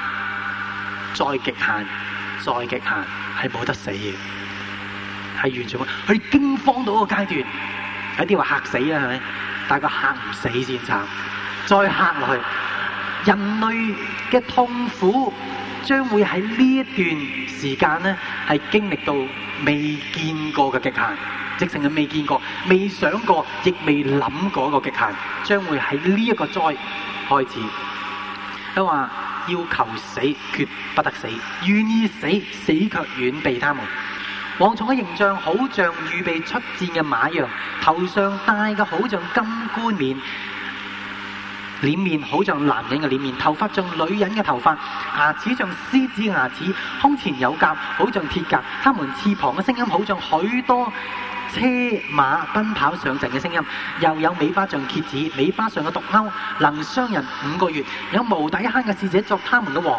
再極限，再極限係冇得死嘅，係完全佢驚慌到嗰階段，有啲話嚇死啦係咪？但係佢嚇唔死先慘，再嚇落去。人類嘅痛苦將會喺呢一段時間咧，係經歷到未見過嘅極限，直情係未見過、未想過、亦未諗過，未想過的一個極限，將會喺呢一個災開始。都話要求死，決不得死；願意死，死卻遠避他們。蝗蟲嘅形象好像預備出戰嘅馬樣，頭上戴嘅好像金冠冕。臉面好像男人嘅臉面，頭髮像女人嘅頭髮，牙齒像獅子的牙齒，胸前有甲好像鐵甲。他們翅膀嘅聲音好像許多車馬奔跑上陣嘅聲音。又有尾巴像蠍子，尾巴上嘅毒鈎能傷人五個月。有無底坑嘅使者作他們嘅王。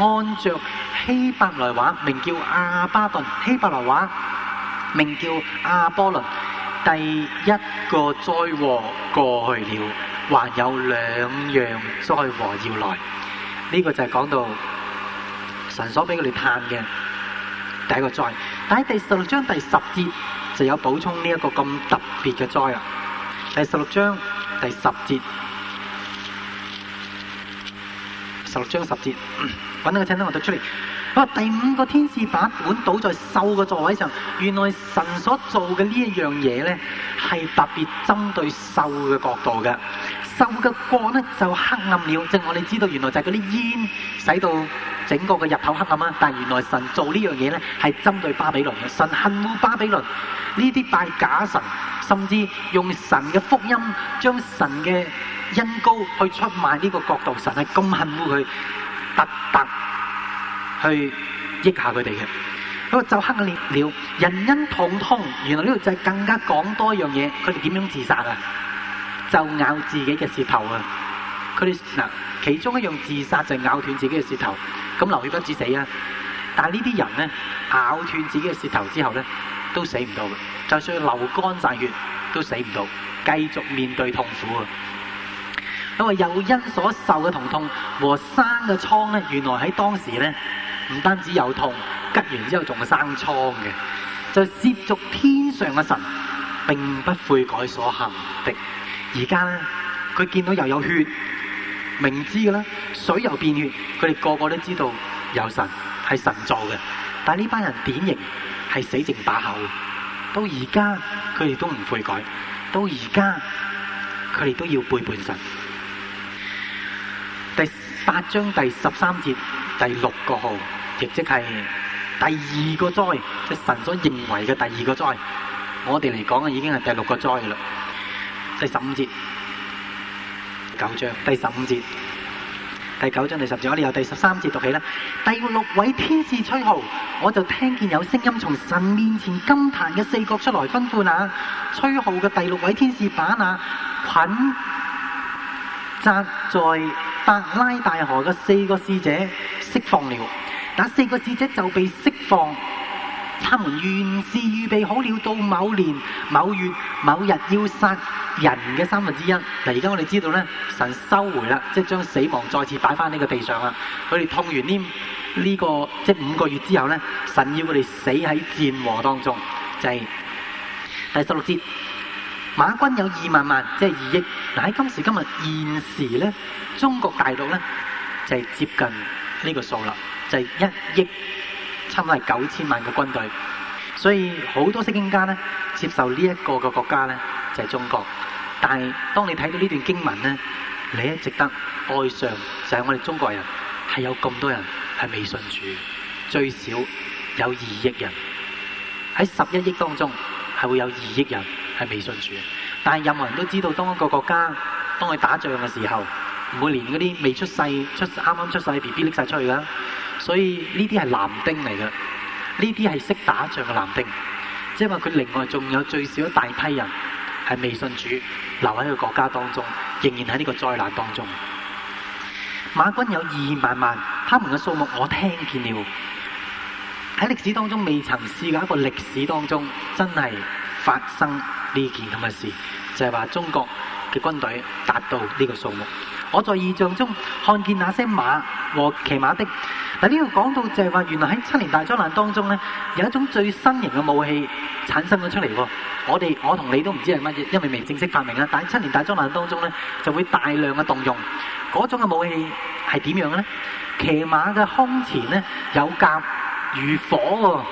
按着希伯來話，名叫亞巴頓；希伯來話，名叫亞波倫。第一個災禍過去了。還有兩樣災禍要來，呢、這個就係講到神所俾佢哋嘆嘅第一個災。但喺第十六章第十節就有補充呢一個咁特別嘅災啊！第十六章第十節，十六章十節，揾到、嗯、個請單我讀出嚟。啊，第五個天使把碗倒在獸嘅座位上，原來神所做嘅呢一樣嘢咧，係特別針對獸嘅角度嘅。就嘅光咧就黑暗了，正我哋知道原來就係嗰啲煙使到整個嘅入口黑暗啊！但係原來神做呢樣嘢咧係針對巴比倫嘅，神恨惡巴比倫呢啲拜假神，甚至用神嘅福音將神嘅恩膏去出賣呢個國度，神係咁恨惡佢，特特去益下佢哋嘅。不過就黑暗了，人因痛痛。原來呢度就係更加講多一樣嘢，佢哋點樣自殺啊？就咬自己嘅舌頭啊！佢哋嗱，其中一樣自殺就咬斷自己嘅舌頭，咁流血不止死啊！但係呢啲人咧咬斷自己嘅舌頭之後咧，都死唔到嘅，就算流乾晒血都死唔到，繼續面對痛苦啊！因為有因所受嘅疼痛，痛和生嘅瘡咧，原來喺當時咧唔單止有痛，吉完之後仲係生瘡嘅。就褻瀆天上嘅神，並不悔改所行的。而家咧，佢見到又有血，明知嘅啦，水又變血，佢哋個個都知道有神係神造嘅。但呢班人典型係死剩把口，到而家佢哋都唔悔改，到而家佢哋都要背叛神。第八章第十三節第六個號，亦即係第二個災，即係神所認為嘅第二個災。我哋嚟講已經係第六個災啦。第十，第十五節，第九章第十五節，第九章第十節，我哋由第十三節讀起啦。第六位天使吹號，我就聽見有聲音從神面前金壇嘅四角出來，吩咐嗱，吹號嘅第六位天使把那捆紮在伯拉大河嘅四個使者釋放了，那四個使者就被釋放。他們原是預備好了，到某年某月某日要殺人嘅三分之一。嗱，而家我哋知道咧，神收回啦，即係將死亡再次擺翻呢個地上啦。佢哋痛完呢，呢個即係五個月之後咧，神要佢哋死喺戰禍當中，就係第十六節。馬軍有二萬萬，即係二億。嗱，喺今時今日現時咧，中國大陸咧就係接近呢個數啦，就係一億。差唔多係九千萬嘅軍隊，所以好多釋經家咧接受呢一個嘅國家咧就係中國。但係當你睇到呢段經文咧，你咧值得愛上就係我哋中國人係有咁多人係未信主，最少有二億人喺十一億當中係會有二億人係未信主。但係任何人都知道，當一個國家當佢打仗嘅時候，唔會連嗰啲未出世出啱啱出世嘅 B B 拎曬出去㗎。所以呢啲係男丁嚟嘅，呢啲係識打仗嘅男丁，即係話佢另外仲有最少一大批人係未信主留喺個國家當中，仍然喺呢個災難當中。馬軍有二萬萬，他們嘅數目我聽見了。喺歷史當中未曾試過一個歷史當中真係發生呢件咁嘅事，就係話中國嘅軍隊達到呢個數目。我在異象中看見那些馬和騎馬的。嗱，呢個講到就係話，原來喺七年大災難當中咧，有一種最新型嘅武器產生咗出嚟喎。我哋我同你都唔知係乜嘢，因為未正式發明啦。但係七年大災難當中咧，就會大量嘅動用嗰種嘅武器係點樣嘅咧？騎馬嘅胸前咧，有甲如火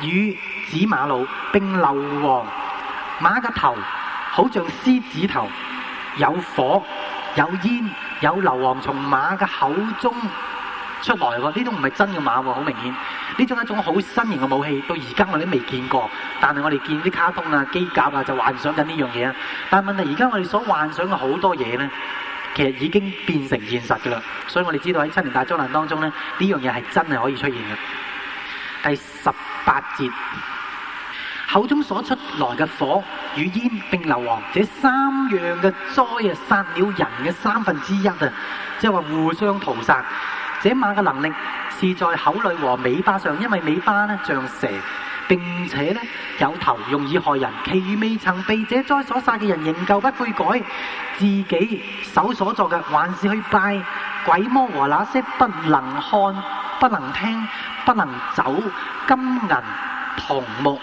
喎，與紫瑪瑙並硫磺。馬嘅頭好像獅子頭，有火。有煙有硫磺從馬嘅口中出來喎，呢種唔係真嘅馬喎，好明顯。呢種係一種好新型嘅武器，到而家我哋都未見過。但係我哋見啲卡通啊、機甲啊，就幻想緊呢樣嘢啊。但係問題而家我哋所幻想嘅好多嘢咧，其實已經變成現實㗎啦。所以我哋知道喺七年大災難當中咧，呢樣嘢係真係可以出現嘅。第十八節。口中所出來嘅火與煙並流黃，這三樣嘅災啊，殺了人嘅三分之一啊，即係話互相屠殺。這馬嘅能力是在口裏和尾巴上，因為尾巴呢像蛇，並且呢有頭，容易害人。其餘未曾被這災所殺嘅人，仍舊不悔改，自己手所作嘅，還是去拜鬼魔和那些不能看、不能聽、不能走、金銀銅木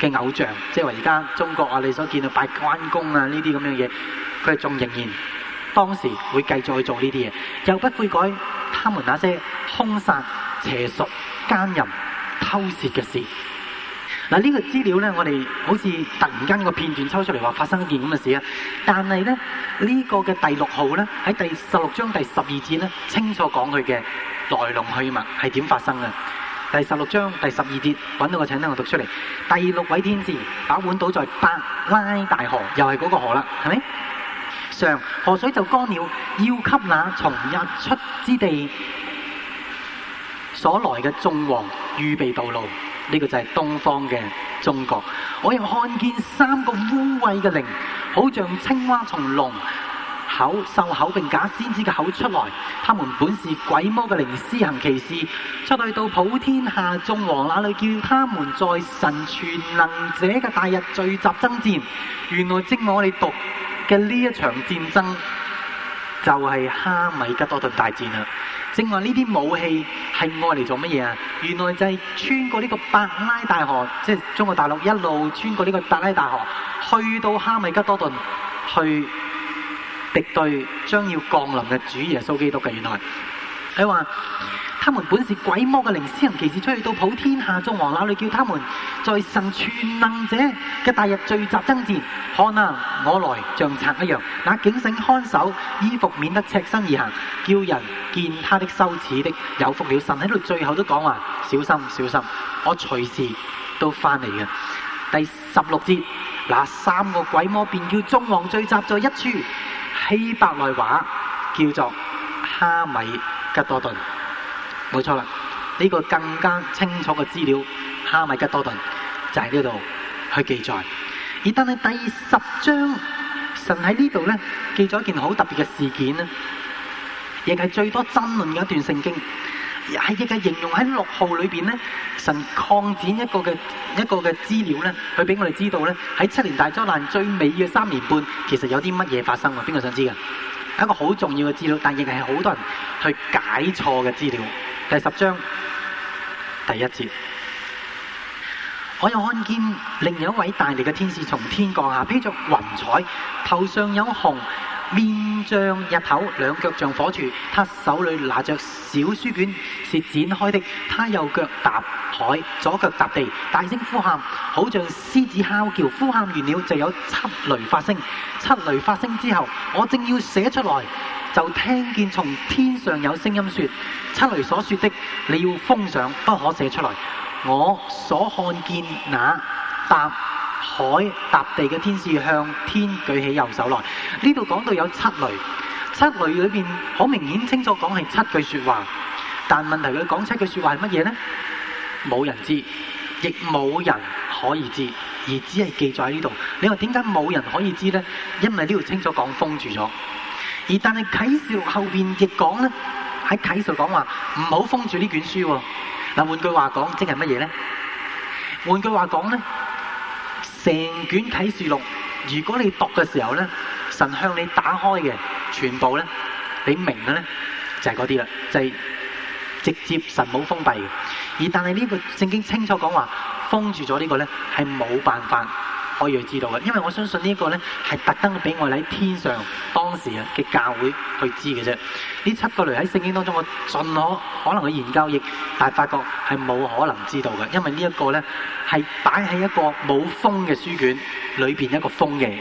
嘅偶像，即係話而家中國啊，你所見到拜關公啊呢啲咁樣嘢，佢係仲仍然當時會繼續去做呢啲嘢，又不悔改他們那些凶殺、邪術、奸淫、偷竊嘅事。嗱，呢個資料咧，我哋好似突然間個片段抽出嚟話發生一件咁嘅事啊，但係咧呢個嘅第六號咧喺第十六章第十二節咧清楚講佢嘅來龍去脈係點發生嘅。第十六章第十二節，搵到個，請聽我讀出嚟。第六位天使，把碗倒在伯拉大河，又係嗰個河啦，係咪？上河水就乾了，要給那從日出之地所來嘅眾王預備道路。呢、這個就係東方嘅中國。我又看見三個污穢嘅靈，好像青蛙從龍口獸口並假先知嘅口出來，他們本是鬼魔嘅靈施行奇事出去，到普天下眾王那裏，叫他們在神全能者嘅大日聚集爭戰。原來正我哋讀嘅呢一場戰爭就係哈米吉多頓大戰啊，正話呢啲武器係愛嚟做乜嘢啊？原來就係穿過呢個伯拉大河，即係中國大陸一路穿過呢個伯拉大河，去到哈米吉多頓去。敵對將要降臨嘅主耶穌基督嘅，原來佢話：，他們本是鬼魔嘅靈，施行奇事出去到普天下衆王那裏，叫他們在神全能者嘅大日聚集爭戰。看啊，我來像賊一樣，那警醒看守，衣服免得赤身而行，叫人見他的羞恥的，有福了。神喺度最後都講話：，小心，小心，我隨時都翻嚟嘅。第十六節，嗱，三個鬼魔便叫衆王聚集在一處。希伯來話叫做哈米吉多頓，冇錯啦。呢、這個更加清楚嘅資料，哈米吉多頓就喺呢度去記載。而但係第十章，神喺呢度咧記載一件好特別嘅事件咧，亦係最多爭論嘅一段聖經。喺《聖經》形容喺六號裏邊呢，神擴展一個嘅一個嘅資料呢，佢俾我哋知道呢，喺七年大災難最尾嘅三年半，其實有啲乜嘢發生啊？邊個想知嘅？一個好重要嘅資料，但亦係好多人去解錯嘅資料。第十章，第一節，我又看見另一位大力嘅天使從天降下，披着雲彩，頭上有虹。面像日頭，兩腳像火柱，他手裏拿着小書卷，是展開的。他右腳踏海，左腳踏地，大聲呼喊，好像獅子敲叫。呼喊完了就有七雷發聲。七雷發聲之後，我正要寫出來，就聽見從天上有聲音說：七雷所說的，你要封上，不可寫出來。我所看見那，打！海踏地嘅天使向天舉起右手來，呢度講到有七雷，七雷裏邊好明顯清楚講係七句說話，但問題佢講七句說話係乜嘢咧？冇人知，亦冇人可以知，而只係記載喺呢度。你話點解冇人可以知咧？因為呢度清楚講封住咗，而但係啟示錄後邊亦講咧喺啟示講話唔好封住呢卷書。嗱，換句話講，即係乜嘢咧？換句話講咧？成卷啟示錄，如果你讀嘅時候咧，神向你打開嘅全部咧，你明嘅咧就係嗰啲啦，就係、是、直接神冇封閉嘅，而但係呢個聖經清楚講話封住咗呢個咧係冇辦法。可以去知道嘅，因為我相信呢個咧係特登俾我哋喺天上當時嘅教會去知嘅啫。呢七個雷喺聖經當中，我盡可可能去研究，亦但係發覺係冇可能知道嘅，因為呢一個咧係擺喺一個冇封嘅書卷裏邊一個封嘅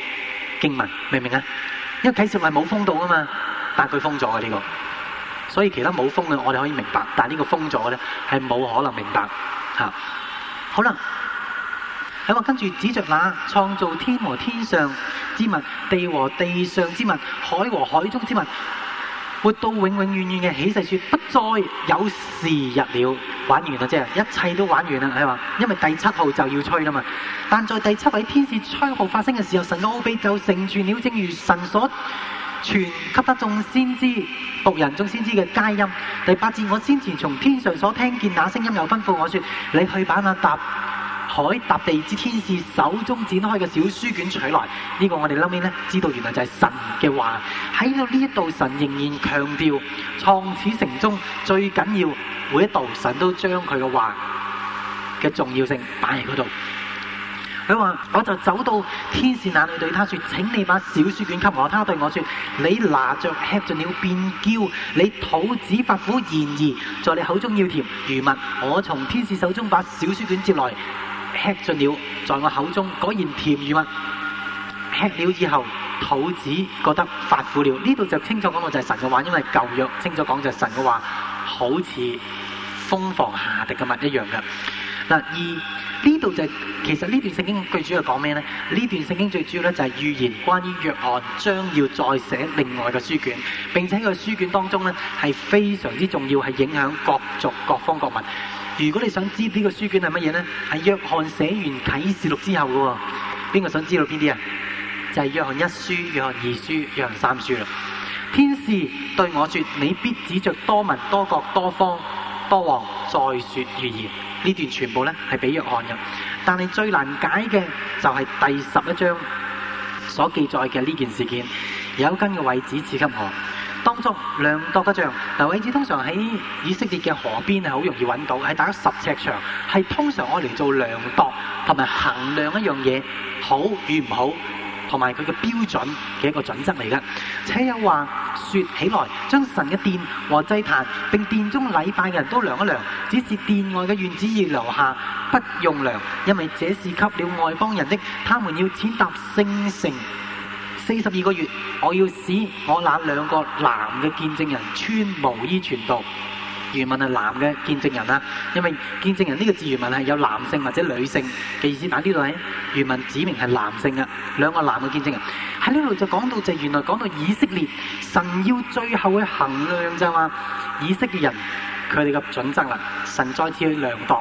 經文，明唔明啊？因為啟示係冇封到噶嘛，但係佢封咗嘅呢個，所以其他冇封嘅我哋可以明白，但係呢個封咗咧係冇可能明白嚇。好啦。好啦。跟住指着那創造天和天上之物、地和地上之物、海和海中之物，活到永永遠遠嘅起誓說：不再有時日了，玩完啦，即係一切都玩完啦，係嘛？因為第七號就要吹啦嘛。但在第七位天使吹號發聲嘅時候，神的奧秘就成全了，正如神所傳給得眾先知、僕人、眾先知嘅佳音。第八節，我先前從天上所聽見那聲音，又吩咐我說：你去把那、啊、答。海踏地之天使手中展開嘅小書卷取來，呢個我哋後尾知道原來就係神嘅話。喺度，呢一度，神仍然強調創始成終最緊要每一度，神都將佢嘅話嘅重要性擺喺嗰度。佢話：我就走到天使那裡，對他說：請你把小書卷給我。他對我說：你拿着吃盡了便叫，你肚子發苦然而在你口中要甜如蜜。我從天使手中把小書卷接來。吃盡了，在我口中果然甜如蜜。吃了以後，肚子覺得發苦了。呢度就清楚講到就係神嘅話，因為舊約清楚講就係神嘅話，好似蜂房下滴嘅蜜一樣嘅。嗱，二呢度，就其實呢段呢，呢段聖經最主要講咩呢？呢段聖經最主要咧就係預言關於約翰將要再寫另外嘅書卷，並且喺個書卷當中咧係非常之重要，係影響各族各方各民。如果你想知呢個書卷係乜嘢咧，係約翰寫完啟示錄之後嘅喎、哦。邊個想知道邊啲啊？就係、是、約翰一書、約翰二書、約翰三書啦。天使對我說：你必指着多民、多國、多方、多王，再說預言。呢段全部咧係俾約翰嘅。但係最難解嘅就係第十一章所記載嘅呢件事件。有根嘅位置賜給我。當中量度嘅杖，葦子通常喺以色列嘅河邊係好容易揾到，喺大概十尺長，係通常我嚟做量度同埋衡量一樣嘢，好與唔好，同埋佢嘅標準嘅一個準則嚟嘅。且有話説起來，將神嘅殿和祭壇，並殿中禮拜嘅人都量一量，只是殿外嘅院子要留下不用量，因為這是給了外邦人的，他們要踐踏聖城。四十二個月，我要使我那兩個男嘅見證人穿毛衣傳道。原文係男嘅見證人啊，因為見證人呢個字原文係有男性或者女性嘅意思。但呢度咧，原文指明係男性啊，兩個男嘅見證人喺呢度就講到就原來講到以色列神要最後去衡量就係話以色列人。佢哋嘅準則啦，神再次去量度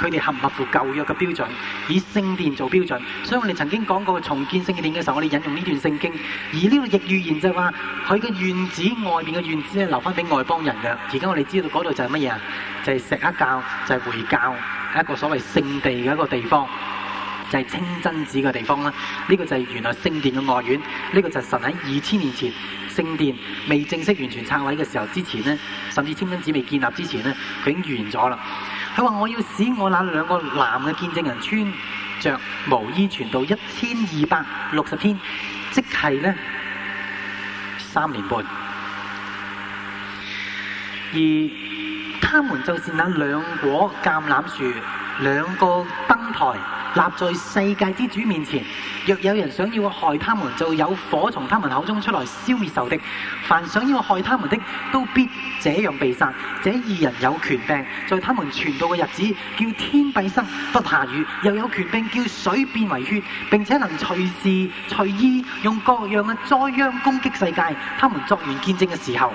佢哋合唔合乎舊約嘅標準，以聖殿做標準。所以我哋曾經講過重建聖殿嘅時候，我哋引用呢段聖經。而呢個亦預言就係話，佢嘅院子外面嘅院子咧，留翻俾外邦人嘅。而家我哋知道嗰度就係乜嘢啊？就係錫克教，就係、是、回教，係一個所謂聖地嘅一個地方，就係、是、清真寺嘅地方啦。呢、這個就係原來聖殿嘅外院，呢、這個就係神喺二千年前，聖殿未正式完全拆毀嘅時候，之前咧，甚至清真寺未建立之前咧，佢已經完咗啦。佢話：我要使我那兩個男嘅見證人穿著毛衣，傳道一千二百六十天，即係呢三年半。而他們就是那兩果橄欖樹，兩個燈台立在世界之主面前。若有人想要害他們，就有火從他們口中出來消滅仇敵。凡想要害他們的，都必這樣被殺。這二人有權柄，在他們全部嘅日子，叫天閉塞，不下雨，又有權柄，叫水變為血。並且能隨時隨意用各樣嘅災殃攻擊世界。他們作完見證嘅時候。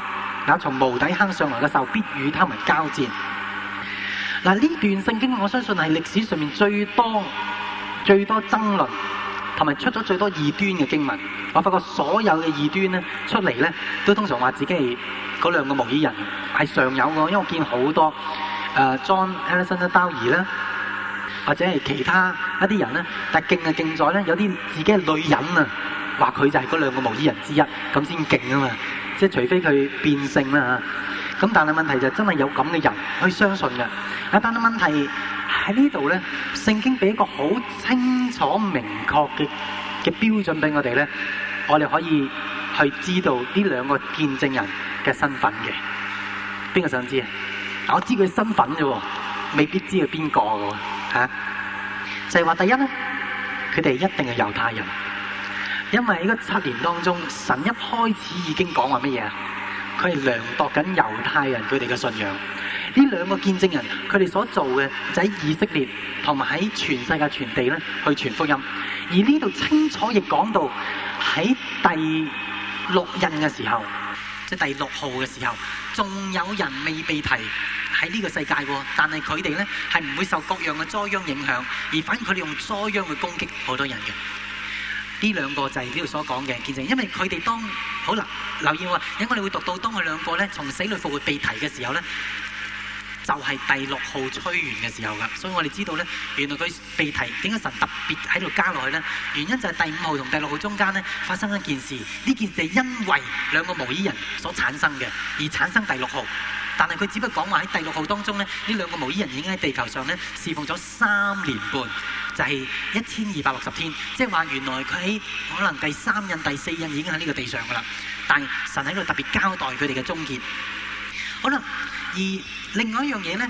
嗱，從無底坑上來嘅獸，必與他們交戰。嗱、啊，呢段聖經，我相信係歷史上面最多、最多爭論同埋出咗最多異端嘅經文。我發覺所有嘅異端咧，出嚟咧都通常話自己係嗰兩個無依人係常有我，因為我見好多誒、呃、John Alexander Dowie 啦，或者係其他一啲人咧，但係勁就勁在咧，有啲自己嘅女人啊，話佢就係嗰兩個無依人之一，咁先勁啊嘛！即係除非佢變性啦嚇，咁但係問題就真係有咁嘅人去相信嘅。啊，但係問題喺呢度咧，聖經俾一個好清楚明確嘅嘅標準俾我哋咧，我哋可以去知道呢兩個見證人嘅身份嘅。邊個想知啊？但我知佢身份啫喎，未必知佢邊個嘅喎嚇。就係話第一咧，佢哋一定係猶太人。因為喺個七年當中，神一開始已經講話乜嘢啊？佢係量度緊猶太人佢哋嘅信仰。呢兩個見證人佢哋所做嘅就喺以色列同埋喺全世界全地咧去傳福音。而呢度清楚亦講到喺第六印嘅時候，即係第六號嘅時候，仲有人未被提喺呢個世界，哦。但係佢哋咧係唔會受各樣嘅災殃影響，而反而佢哋用災殃去攻擊好多人嘅。呢兩個就係呢度所講嘅見證，因為佢哋當好留留意啊，因為我哋會讀到當佢兩個咧從死裡復活被提嘅時候咧，就係、是、第六號吹完嘅時候㗎，所以我哋知道咧，原來佢被提點解神特別喺度加落去咧？原因就係第五號同第六號中間咧發生一件事，呢件事係因為兩個毛衣人所產生嘅，而產生第六號。但係佢只不過講話喺第六號當中咧，呢兩個毛衣人已經喺地球上咧侍奉咗三年半。就係一千二百六十天，即係話原來佢喺可能第三任、第四任已經喺呢個地上噶啦，但神喺度特別交代佢哋嘅終結。好啦，而另外一樣嘢咧，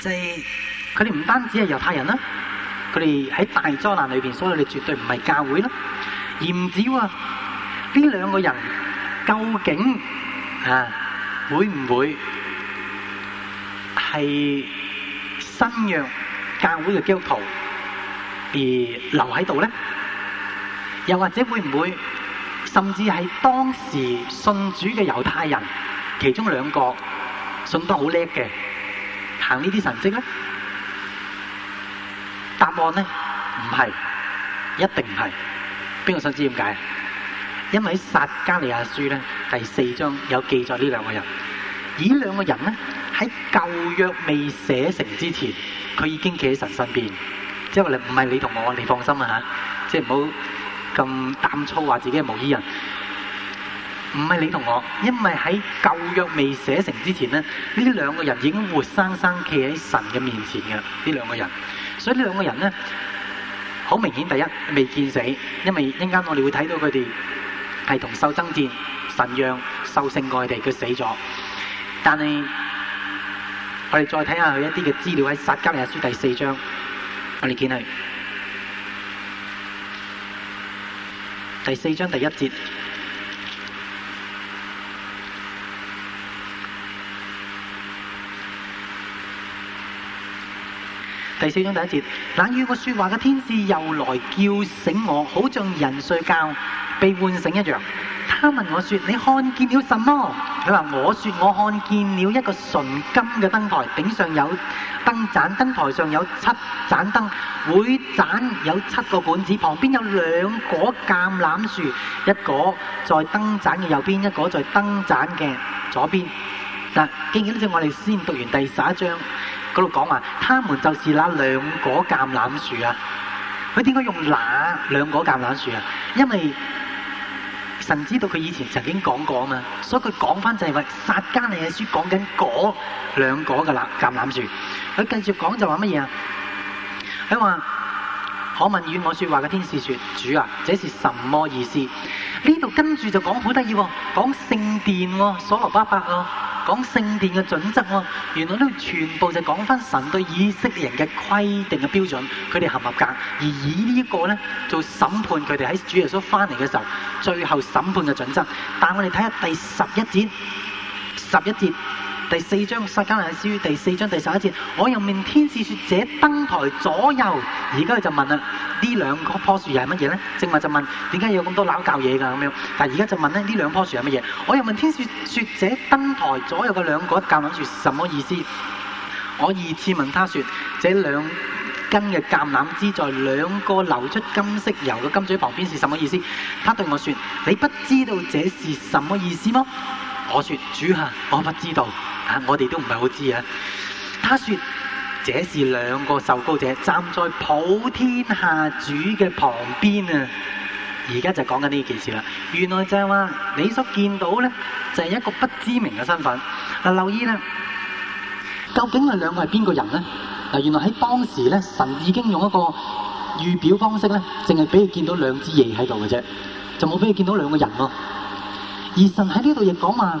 就係佢哋唔單止係猶太人啦，佢哋喺大災難裏邊，所以你絕對唔係教會啦。而唔止啊，呢兩個人究竟啊會唔會係新約教會嘅基督徒？而留喺度咧，又或者會唔會，甚至係當時信主嘅猶太人，其中兩個信得好叻嘅，行呢啲神迹咧？答案咧唔係，一定唔係。邊個想知點解？因為喺撒迦利亞書咧第四章有記載呢兩個人，呢兩個人咧喺舊約未寫成之前，佢已經企喺神身邊。即係唔係你同我，你放心啊吓！即係唔好咁膽粗話自己係無依人。唔係你同我，因為喺舊約未寫成之前咧，呢兩個人已經活生生企喺神嘅面前嘅呢兩個人。所以呢兩個人咧，好明顯第一未見死，因為一陣間我哋會睇到佢哋係同獸爭戰、神讓獸勝過佢哋，佢死咗。但係我哋再睇下佢一啲嘅資料喺撒迦利亞書第四章。我哋見係第四章第一節。第四章第一節，冷雨個說話嘅天使又來叫醒我，好像人睡覺被喚醒一樣。他問我說：說你看見了什麼？佢話：我說我看見了一個純金嘅燈臺，頂上有燈盞，燈臺上有七盞燈，每盞有七個管子，旁邊有兩果橄欖樹，一果在燈盞嘅右邊，一果在燈盞嘅左邊。嗱、啊，記唔記得我哋先讀完第十一章嗰度講嘛？他們就是那兩果橄欖樹啊！佢點解用那兩果橄欖樹啊？因為。神知道佢以前曾經講過啊，所以佢講返就係話撒迦利亞呢本書講緊嗰兩個嘅橄欖樹，佢繼續講就話乜嘢呀？佢話。我問與我說話嘅天使說：主啊，這是什麼意思？呢度跟住就講好得意，講聖殿、哦，所羅巴伯啊，講聖殿嘅準則啊、哦，原來呢度全部就講翻神對以色列人嘅規定嘅標準，佢哋合唔合格？而以這呢一個咧做審判，佢哋喺主耶穌翻嚟嘅時候，最後審判嘅準則。但係我哋睇下第十一節，十一節。第四章《撒迦利亞書》第四章第十一節，我又問天使説者登台左右，而家佢就問啦：呢兩個樖樹又係乜嘢咧？正話就問：點解有咁多攬教嘢㗎？咁樣，但而家就問咧：呢兩樖樹係乜嘢？我又問天使説者登台左右嘅兩個橄欖樖樹什麼意思？我二次問他説：這兩根嘅橄欖枝在兩個流出金色油嘅金嘴旁邊是什麼意思？他對我説：你不知道這是什麼意思麼？我説：主啊，我不知道。啊、我哋都唔係好知道啊。他說：這是兩個受膏者站在普天下主嘅旁邊啊。而家就講緊呢件事啦。原來就係話你所見到咧，就係、是、一個不知名嘅身份。啊，留意啦，究竟啊兩個係邊個人咧？嗱，原來喺當時咧，神已經用一個預表方式咧，淨係俾佢見到兩支嘢喺度嘅啫，就冇俾佢見到兩個人喎、啊。而神喺呢度亦講話。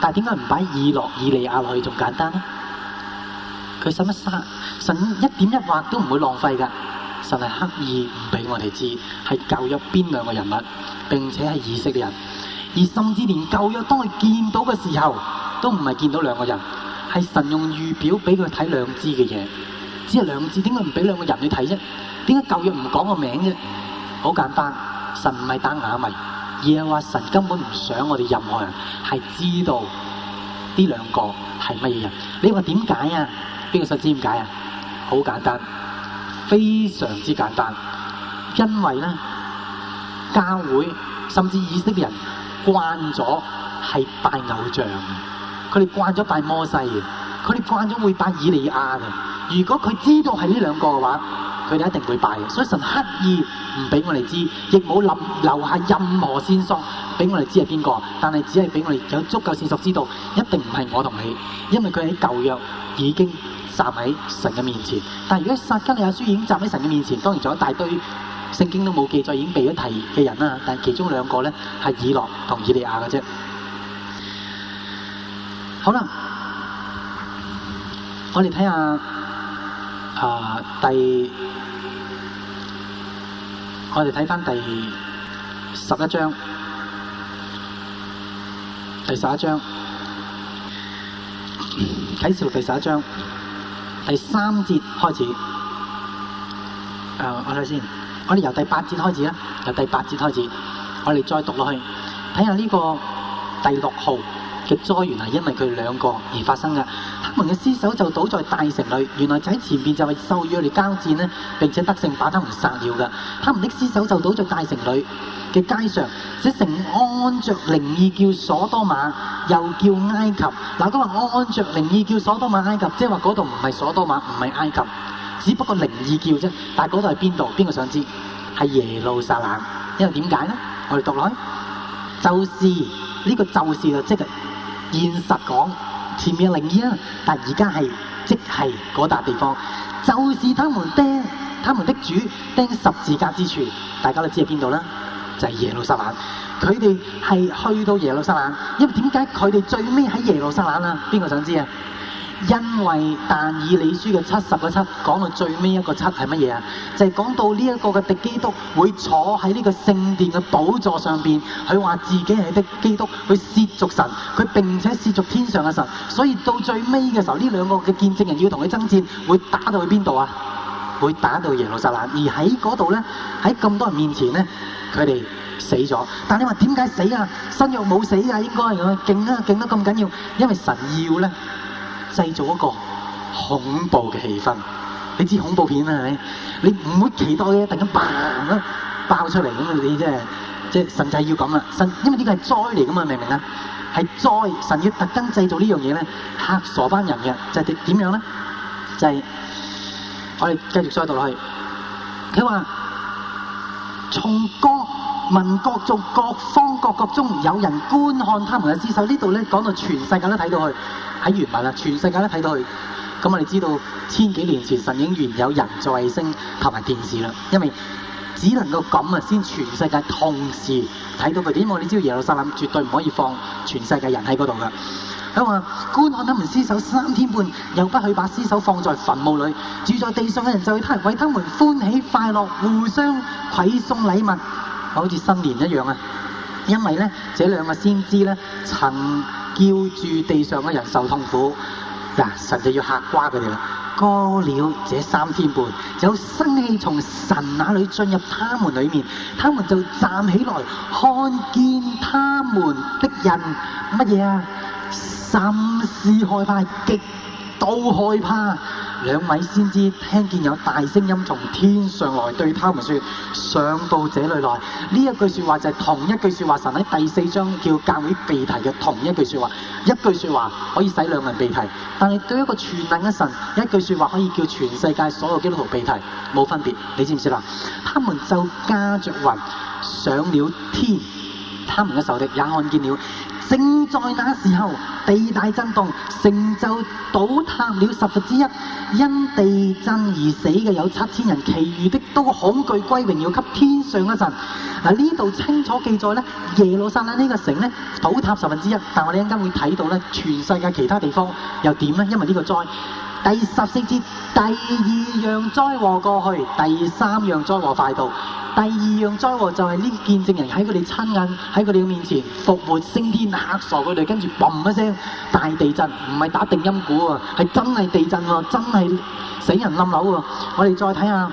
但係點解唔擺以諾以利亞落去仲簡單咧？佢使乜神，神一點一劃都唔會浪費噶。神係刻意唔俾我哋知係舊約邊兩個人物，並且係以色列人，而甚至連舊約當佢見到嘅時候，都唔係見到兩個人，係神用預表俾佢睇兩支嘅嘢，只係兩支，點解唔俾兩個人去睇啫？點解舊約唔講個名啫？好簡單，神唔係打啞謎。而係話神根本唔想我哋任何人係知道呢兩個係乜嘢人？你話點解啊？邊個想知點解啊？好簡單，非常之簡單，因為咧教會甚至以色列人慣咗係拜偶像，佢哋慣咗拜摩西，佢哋慣咗會拜以利亞嘅。如果佢知道係呢兩個嘅話，佢哋一定會拜嘅。所以神刻意。唔俾我哋知，亦冇冧留下任何線索俾我哋知係邊個，但係只係俾我哋有足夠線索知道，一定唔係我同你，因為佢喺舊約已經站喺神嘅面前。但係如果撒迦利亞書已經站喺神嘅面前，當然仲有一大堆聖經都冇記載已經被提嘅人啦。但係其中兩個咧係以諾同以利亞嘅啫。好啦，我哋睇下啊第。我哋睇返第十一章，第十一章，啟示錄第十一章第三節開始。呃、我睇先，我哋由第八節開始啊，由第八節開始，我哋再讀落去，睇下呢個第六號。嘅災源係因為佢哋兩個而發生嘅，他們嘅屍首就倒在大城裏。原來就在前面就係獸約嚟交戰咧，並且得勝把他們殺掉嘅。他們的屍首就倒在大城裏嘅街上，即成安著靈異叫所多瑪，又叫埃及。嗱，佢話安著靈異叫所多瑪埃及，即係話嗰度唔係所多瑪，唔係埃及，只不過靈異叫啫。但係嗰度係邊度？邊個想知？係耶路撒冷。因為點解咧？我哋讀落，就是呢個就是就即係。現實講前面有靈異啊，但而家係即係嗰笪地方，就是他們釘他們的主釘十字架之處。大家都知係邊度啦？就係耶路撒冷。佢哋係去到耶路撒冷，因為點解佢哋最尾喺耶路撒冷啊？邊個想知啊？因為但以理書嘅七十個七講到最尾一個七係乜嘢啊？就係、是、講到呢一個嘅敵基督會坐喺呢個聖殿嘅寶座上邊，佢話自己係敵基督，佢褻瀆神，佢並且褻瀆天上嘅神。所以到最尾嘅時候，呢兩個嘅見證人要同佢爭戰，會打到去邊度啊？會打到耶路撒冷，而喺嗰度咧，喺咁多人面前咧，佢哋死咗。但你話點解死啊？身又冇死啊？應該係，勁啊，勁得咁緊要，因為神要咧。製造一個恐怖嘅氣氛，你知恐怖片啦，係你唔會期待嘅，突然間嘭，爆出嚟咁，你即係即係神就係要咁啦，神因為呢個係災嚟噶嘛，明唔明啊？係災，神要特登製造呢樣嘢咧，吓傻班人嘅，就係點樣咧？就係我哋繼續再讀落去，佢話唱哥。」民國做各方各國中有人觀看他們嘅屍首，這裡呢度咧講到全世界都睇到佢喺原文啦，全世界都睇到佢。咁我哋知道千幾年前神已經原有人造衛星拍埋電視啦，因為只能夠咁啊先全世界同時睇到佢。因為你知道耶路撒冷絕對唔可以放全世界人喺嗰度噶？佢話觀看他們屍首三天半，又不許把屍首放在墳墓裏。住在地上嘅人就會他為他們歡喜快樂，互相餽送禮物。好似新年一樣啊！因為咧，這兩個先知咧，曾叫住地上嘅人受痛苦，嗱，神就要嚇瓜佢哋啦。過了這三天半，有生氣從神那裏進入他們裏面，他們就站起來，看見他們的人乜嘢啊？甚是害怕，極。都害怕，兩位先知聽見有大聲音從天上來對他們說：上到這裡來。呢一句説話就係同一句説話，神喺第四章叫教會被提嘅同一句説話。一句説話可以使兩人被提，但係對一個全能嘅神，一句説話可以叫全世界所有基督徒被提，冇分別。你知唔知啦？他們就加着雲上了天，他們的仇敵也看見了。正在那時候，地大震動，城就倒塌了十分之一。因地震而死嘅有七千人，其餘的都恐懼歸榮耀給天上一陣。啊！呢度清楚記載呢耶路撒冷呢個城呢，倒塌十分之一。但我哋陣間會睇到呢全世界其他地方又點呢？因為呢個災，第十四節。第二樣災禍過去，第三樣災禍快到。第二樣災禍就係呢見證人喺佢哋親眼喺佢哋面前復活升天嚇傻佢哋，跟住嘣一聲大地震，唔係打定音鼓啊，係真係地震喎，真係死人冧樓喎。我哋再睇下，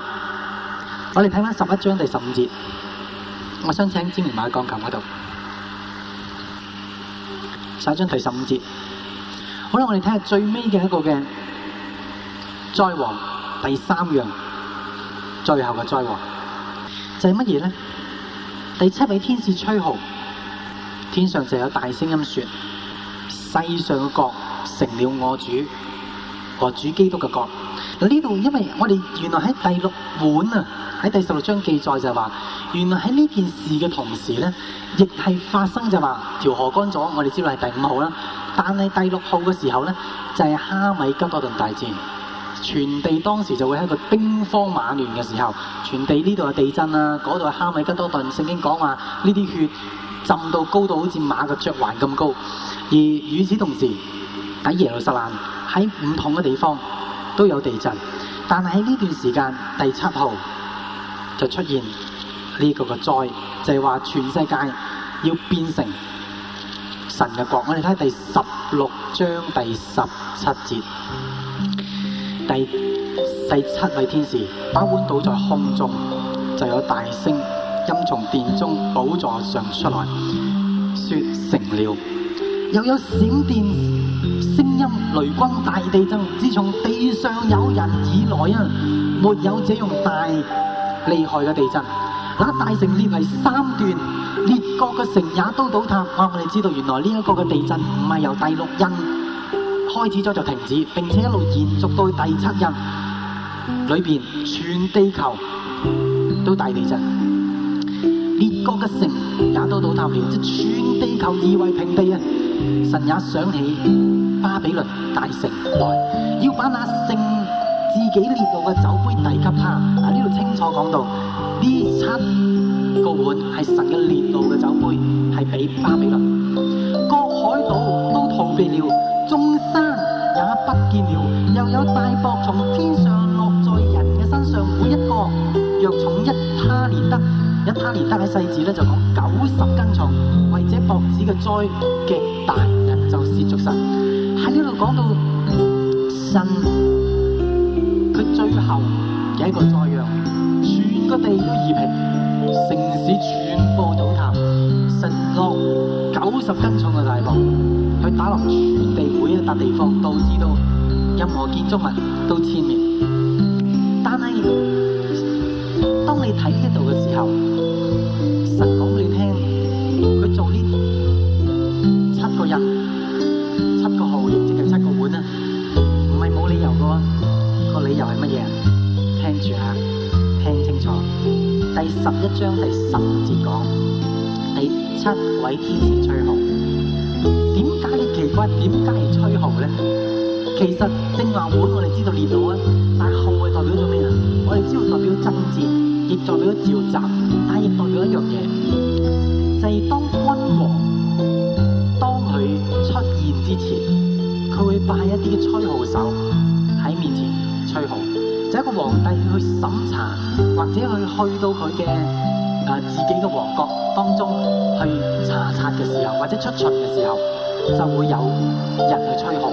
我哋睇翻十一章第十五節。我想請千明買鋼琴嗰度，十一章第十五節。好啦，我哋睇下最尾嘅一個嘅。災禍第三樣，最後嘅災禍就係乜嘢咧？第七位天使吹號，天上就有大聲音說：世上嘅國成了我主，我主基督嘅國。呢度因為我哋原來喺第六碗啊，喺第十六章記載就話，原來喺呢件事嘅同時咧，亦係發生就話、是、條河乾咗。我哋知道係第五號啦，但係第六號嘅時候咧，就係、是、哈米吉多頓大戰。全地當時就會喺個兵荒馬亂嘅時候，全地呢度嘅地震啊，嗰度嘅哈米吉多頓，聖經講話呢啲血浸到高到好似馬嘅嚼環咁高。而與此同時，喺耶路撒冷喺唔同嘅地方都有地震，但係喺呢段時間第七號就出現呢個嘅災，就係話全世界要變成神嘅國。我哋睇第十六章第十七節。第第七位天使把碗倒在空中，就有大聲音從殿中寶座上出來，說成了，又有閃電聲音雷轟，大地震，自從地上有人以來啊，沒有這樣大厲害嘅地震。那大城裂為三段，列國嘅城也都倒塌。啊，我哋知道原來呢一個嘅地震唔係由第六印。開始咗就停止，並且一路延續到第七日裏邊，全地球都大地震，列國嘅城也都倒塌了，即全地球夷為平地啊！神也想起巴比倫大城來，要把那盛自己烈怒嘅酒杯遞給他。啊，呢度清楚講到呢七個碗係神嘅烈怒嘅酒杯，係俾巴比倫。各海島都逃避了。眾山也不見了，又有大雹從天上落在人嘅身上，每一個若重一他連得，一他連得嘅細節咧就講九十斤重，為這雹子嘅災極大，人就褻瀆神。喺呢度講到神，佢最後嘅一個災殃，全個地都夷平，城市全部倒塌，神落九十斤重嘅大雹。佢打落全地每一笪地方都知道，導致到任何建築物都燬滅。但係，當你睇呢度嘅時候，實講你聽，佢做呢七個人、七個號亦即係七個碗啊，唔係冇理由個。個理由係乜嘢啊？聽住啊，聽清楚。第十一章第十五節講第七位天使吹號。點解呢奇怪，點解要吹號咧？其實正話會我哋知道列到啊，但號係代表咗咩啊？我哋知道代表爭戰，亦代表咗召集，但亦代表一樣嘢，就係、是、當君王，當佢出現之前，佢會拜一啲嘅吹號手喺面前吹號，就一個皇帝要去審查或者去去到佢嘅，啊、自己嘅王國當中去查察嘅時候，或者出巡嘅時候，就會有人去吹號。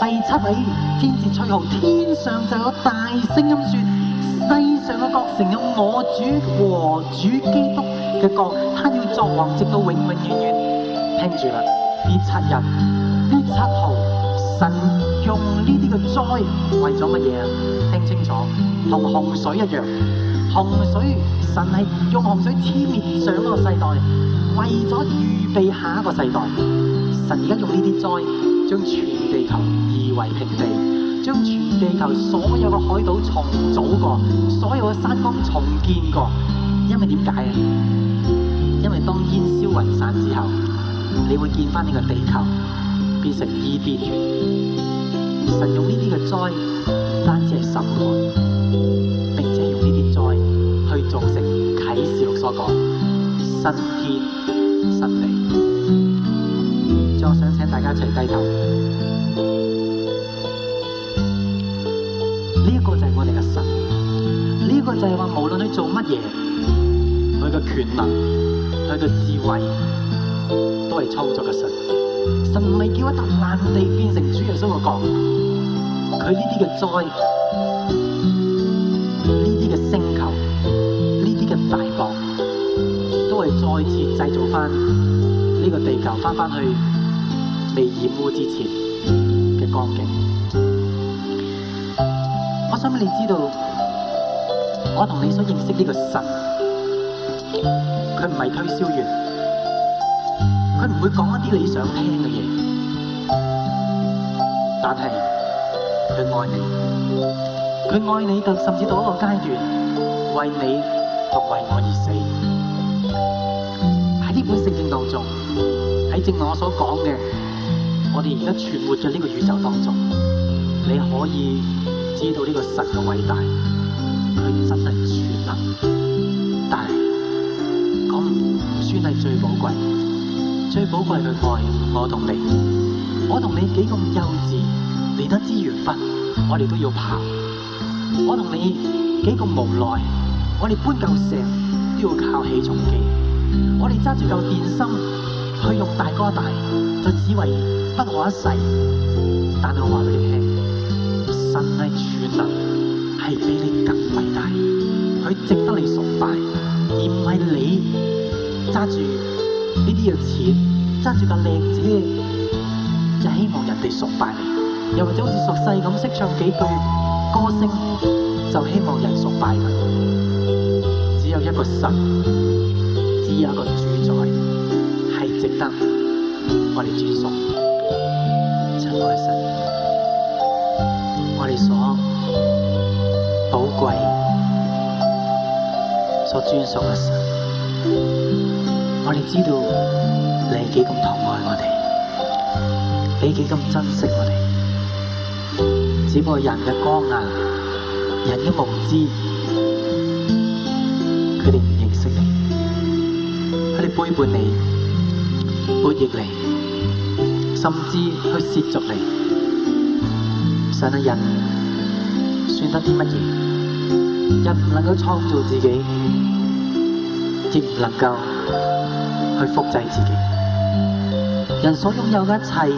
第七位天使吹號，天上就有大聲音說：世上嘅國，成咗我主和主基督嘅國，他要作王，直到永永遠遠。聽住啦，呢七日，呢七號，神用呢啲嘅災為咗乜嘢？聽清楚，同洪水一樣。洪水，神係用洪水殲滅上一個世代，為咗預備下一個世代。神而家用呢啲災將全地球夷為平地，將全地球所有嘅海島重組過，所有嘅山峰重建過。因為點解啊？因為當煙消雲散之後，你會見翻呢個地球變成伊甸園。神用呢啲嘅災，唔單止係審判。去造成啟示錄所講新天新地。再想請大家一齊低頭，呢、這、一個就係我哋嘅神，呢、這個就係話無論你做乜嘢，佢嘅權能，佢嘅智慧，都係操作嘅神。神唔係叫一笪爛地變成主耶穌所講，佢呢啲嘅災。再次製造翻呢個地球，翻翻去未染污之前嘅光景。我想畀你知道，我同你所認識呢個神，佢唔係推銷員，佢唔會講一啲你想聽嘅嘢，但係佢愛你，佢愛你到甚至到一個階段，為你同為我而。喺本聖經當中，喺正我所講嘅，我哋而家存活喺呢個宇宙當中，你可以知道呢個神嘅偉大，佢真係全能。但係噉唔算係最寶貴，最寶貴嘅，佢愛我同你。我同你幾咁幼稚，嚟得之緣分，我哋都要爬。我同你幾咁無奈，我哋搬嚿石都要靠起重機。我哋揸住嚿電芯去用大哥大，就只為不可一世。但係我話俾你聽，神係全能係比你更偉大，佢值得你崇拜，而唔係你揸住呢啲嘅錢，揸住架靚車，就希望人哋崇拜你；又或者好似俗世咁識唱幾句歌聲，就希望人崇拜佢。只有一個神。呢一個主宰係值得我哋尊崇，親愛嘅神，我哋所寶貴、所尊崇嘅神。我哋知道你幾咁疼愛我哋，你幾咁珍惜我哋。只不過人嘅光暗，人嘅無知。背叛你，叛逆你，甚至去褻瀆你。上帝人算得啲乜嘢？人唔能夠創造自己，亦唔能夠去複製自己。人所擁有嘅一切，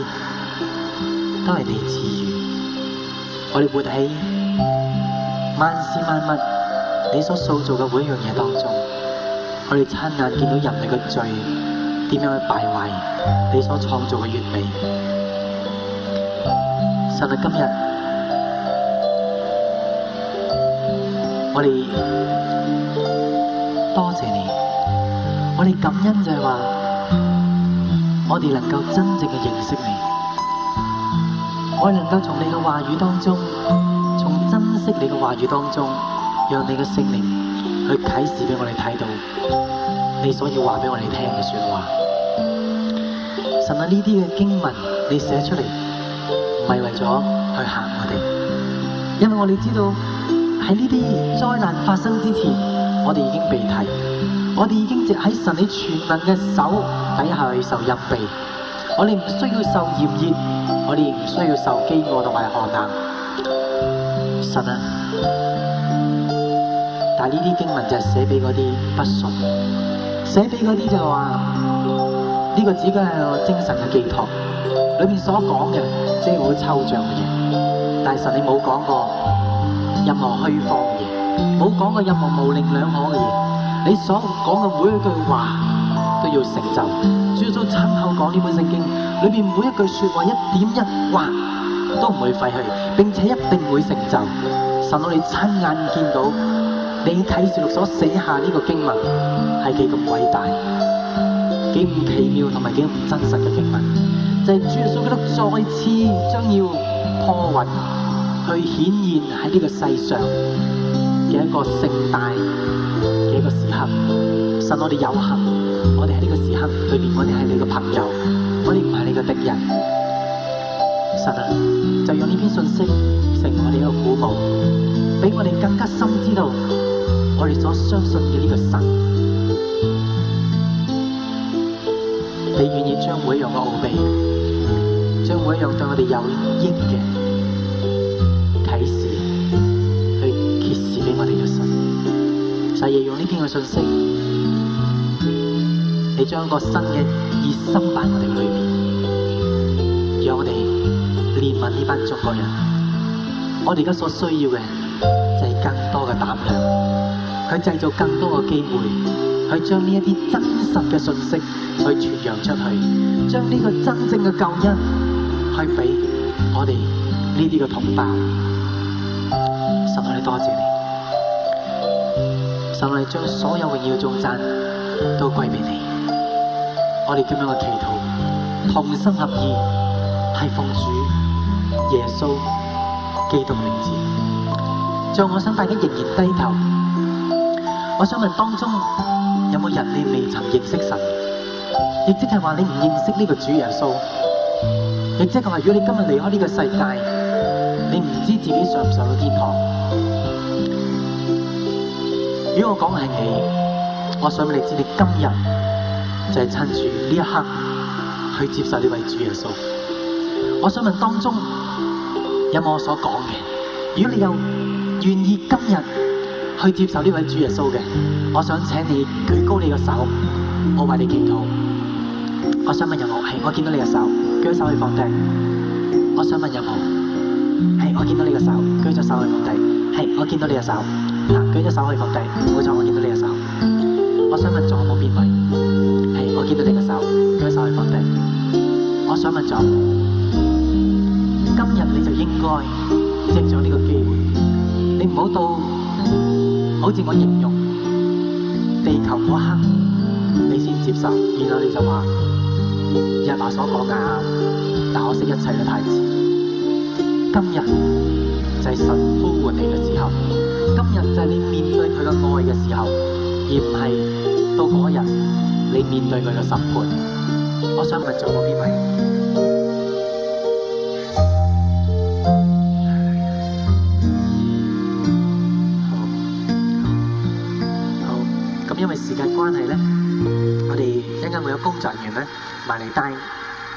都係你賜予。我哋活喺萬事萬物你所塑造嘅每一樣嘢當中。我哋親眼見到人類嘅罪，點樣去敗壞你所創造嘅完美。神啊，今日我哋多謝，謝你，我哋感恩就係話，我哋能夠真正嘅認識你，我哋能夠從你嘅話語當中，從珍惜你嘅話語當中，讓你嘅聖靈。去啟示俾我哋睇到你所要話俾我哋聽嘅說話。神啊，呢啲嘅經文你寫出嚟，唔係為咗去行我哋，因為我哋知道喺呢啲災難發生之前，我哋已經被提，我哋已經直喺神你全能嘅手底下受預備。我哋唔需要受炎熱，我哋唔需要受饑餓同埋寒冷。神啊！呢啲經文就係寫俾嗰啲不信，寫俾嗰啲就話呢個只不過係我精神嘅寄託，裏邊所講嘅即係我抽象嘅嘢，但係神你冇講過任何虛妄嘅嘢，冇講過任何模棱兩可嘅嘢，你所講嘅每一句話都要成就。主都親口講，呢本聖經裏邊每一句說話，一點一劃都唔會廢棄，並且一定會成就。神，我哋親眼見到。你睇《四六所》寫下呢個經文，係幾咁偉大、幾咁奇妙同埋幾咁真實嘅經文，就係主耶穌基督再次將要破雲，去顯現喺呢個世上嘅一個盛大嘅一個時刻。神，我哋有幸，我哋喺呢個時刻裏面，我哋係你嘅朋友，我哋唔係你嘅敵人。實質、啊、就用呢篇信息成我哋一個鼓舞，俾我哋更加深知道。我哋所相信嘅呢個神，你願意將每一樣嘅奧秘，將每一樣對我哋有益嘅啟示，去揭示俾我哋嘅神。就係要用呢篇嘅信息，你將一個新嘅熱心擺我哋裏邊，讓我哋憐憫呢班中國人。我哋而家所需要嘅就係更多嘅膽量。去製造更多嘅機會，去將呢一啲真實嘅信息去傳揚出去，將呢個真正嘅救恩去俾我哋呢啲嘅同胞。神啊，你多謝你，神啊，將所有榮耀頌讚都歸俾你。我哋咁樣嘅祈禱同心合意，係奉主耶穌基督嘅名字。在我心，大家仍然低頭。我想問當中有冇人你未曾認識神？亦即係話你唔認識呢個主耶穌？亦即係話如果你今日離開呢個世界，你唔知道自己上唔上到天堂？如果我講嘅係你，我想你知道你今日就係趁住呢一刻去接受呢位主耶穌。我想問當中有冇我所講嘅？如果你又願意今日，去接受呢位主耶穌嘅，我想請你舉高你個手，我為你祈禱。我想問有冇？係我見到你個手，舉咗手可以放低。我想問有冇？係我見到你個手，舉咗手可以放低。係我見到你個手，舉咗手可以放低。唔好再我見到你個手。我想問咗，仲有冇邊位？係我見到你個手，舉咗手可以放低。我想問咗，今日你就應該藉著呢個機會，你唔好到。好似我形容地球嗰一刻，你先接受，然後你就話：「日華所講㗎。但可惜一切都太遲。」今日就係神呼喚你嘅時候，今日就係你面對佢嘅愛嘅時候，而唔係到嗰日你面對佢嘅審判。我想問在座每位。因為時間關係咧，我哋一陣間會有工作人員咧，埋嚟帶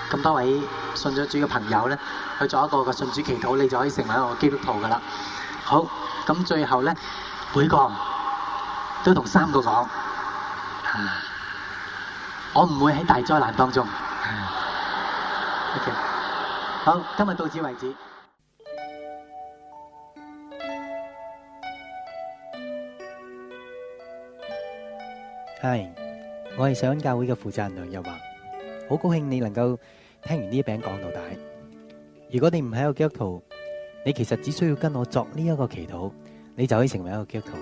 咁多位信咗主嘅朋友咧，去做一個嘅信主祈禱，你就可以成為一個基督徒噶啦。好，咁最後咧，每個都同三個講，我唔會喺大災難當中。OK，好，今日到此為止。係，我係上教會嘅負責人梁日華，好高興你能夠聽完呢一篇講道。如果你唔係一個基督徒，你其實只需要跟我作呢一個祈禱，你就可以成為一個基督徒。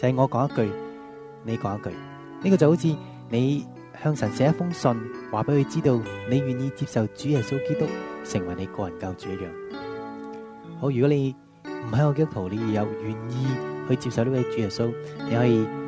就係我講一句，你講一句，呢個就好似你向神寫一封信，話俾佢知道你願意接受主耶穌基督成為你個人救主一樣。好，如果你唔係我基督徒，你又願意去接受呢位主耶穌，你可以，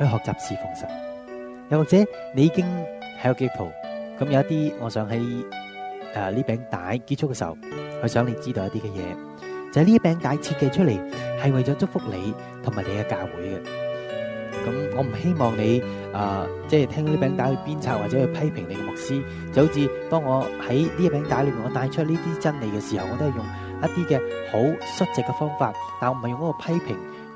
去學習侍奉神，又或者你已經係個基督徒，咁有一啲，我想喺誒呢餅帶結束嘅時候，我想你知道一啲嘅嘢，就係呢餅帶設計出嚟係為咗祝福你同埋你嘅教會嘅。咁我唔希望你誒，即係聽呢餅帶去鞭策或者去批評你嘅牧師，就好似當我喺呢餅帶裏面我帶出呢啲真理嘅時候，我都係用一啲嘅好率直嘅方法，但係我唔係用嗰個批評。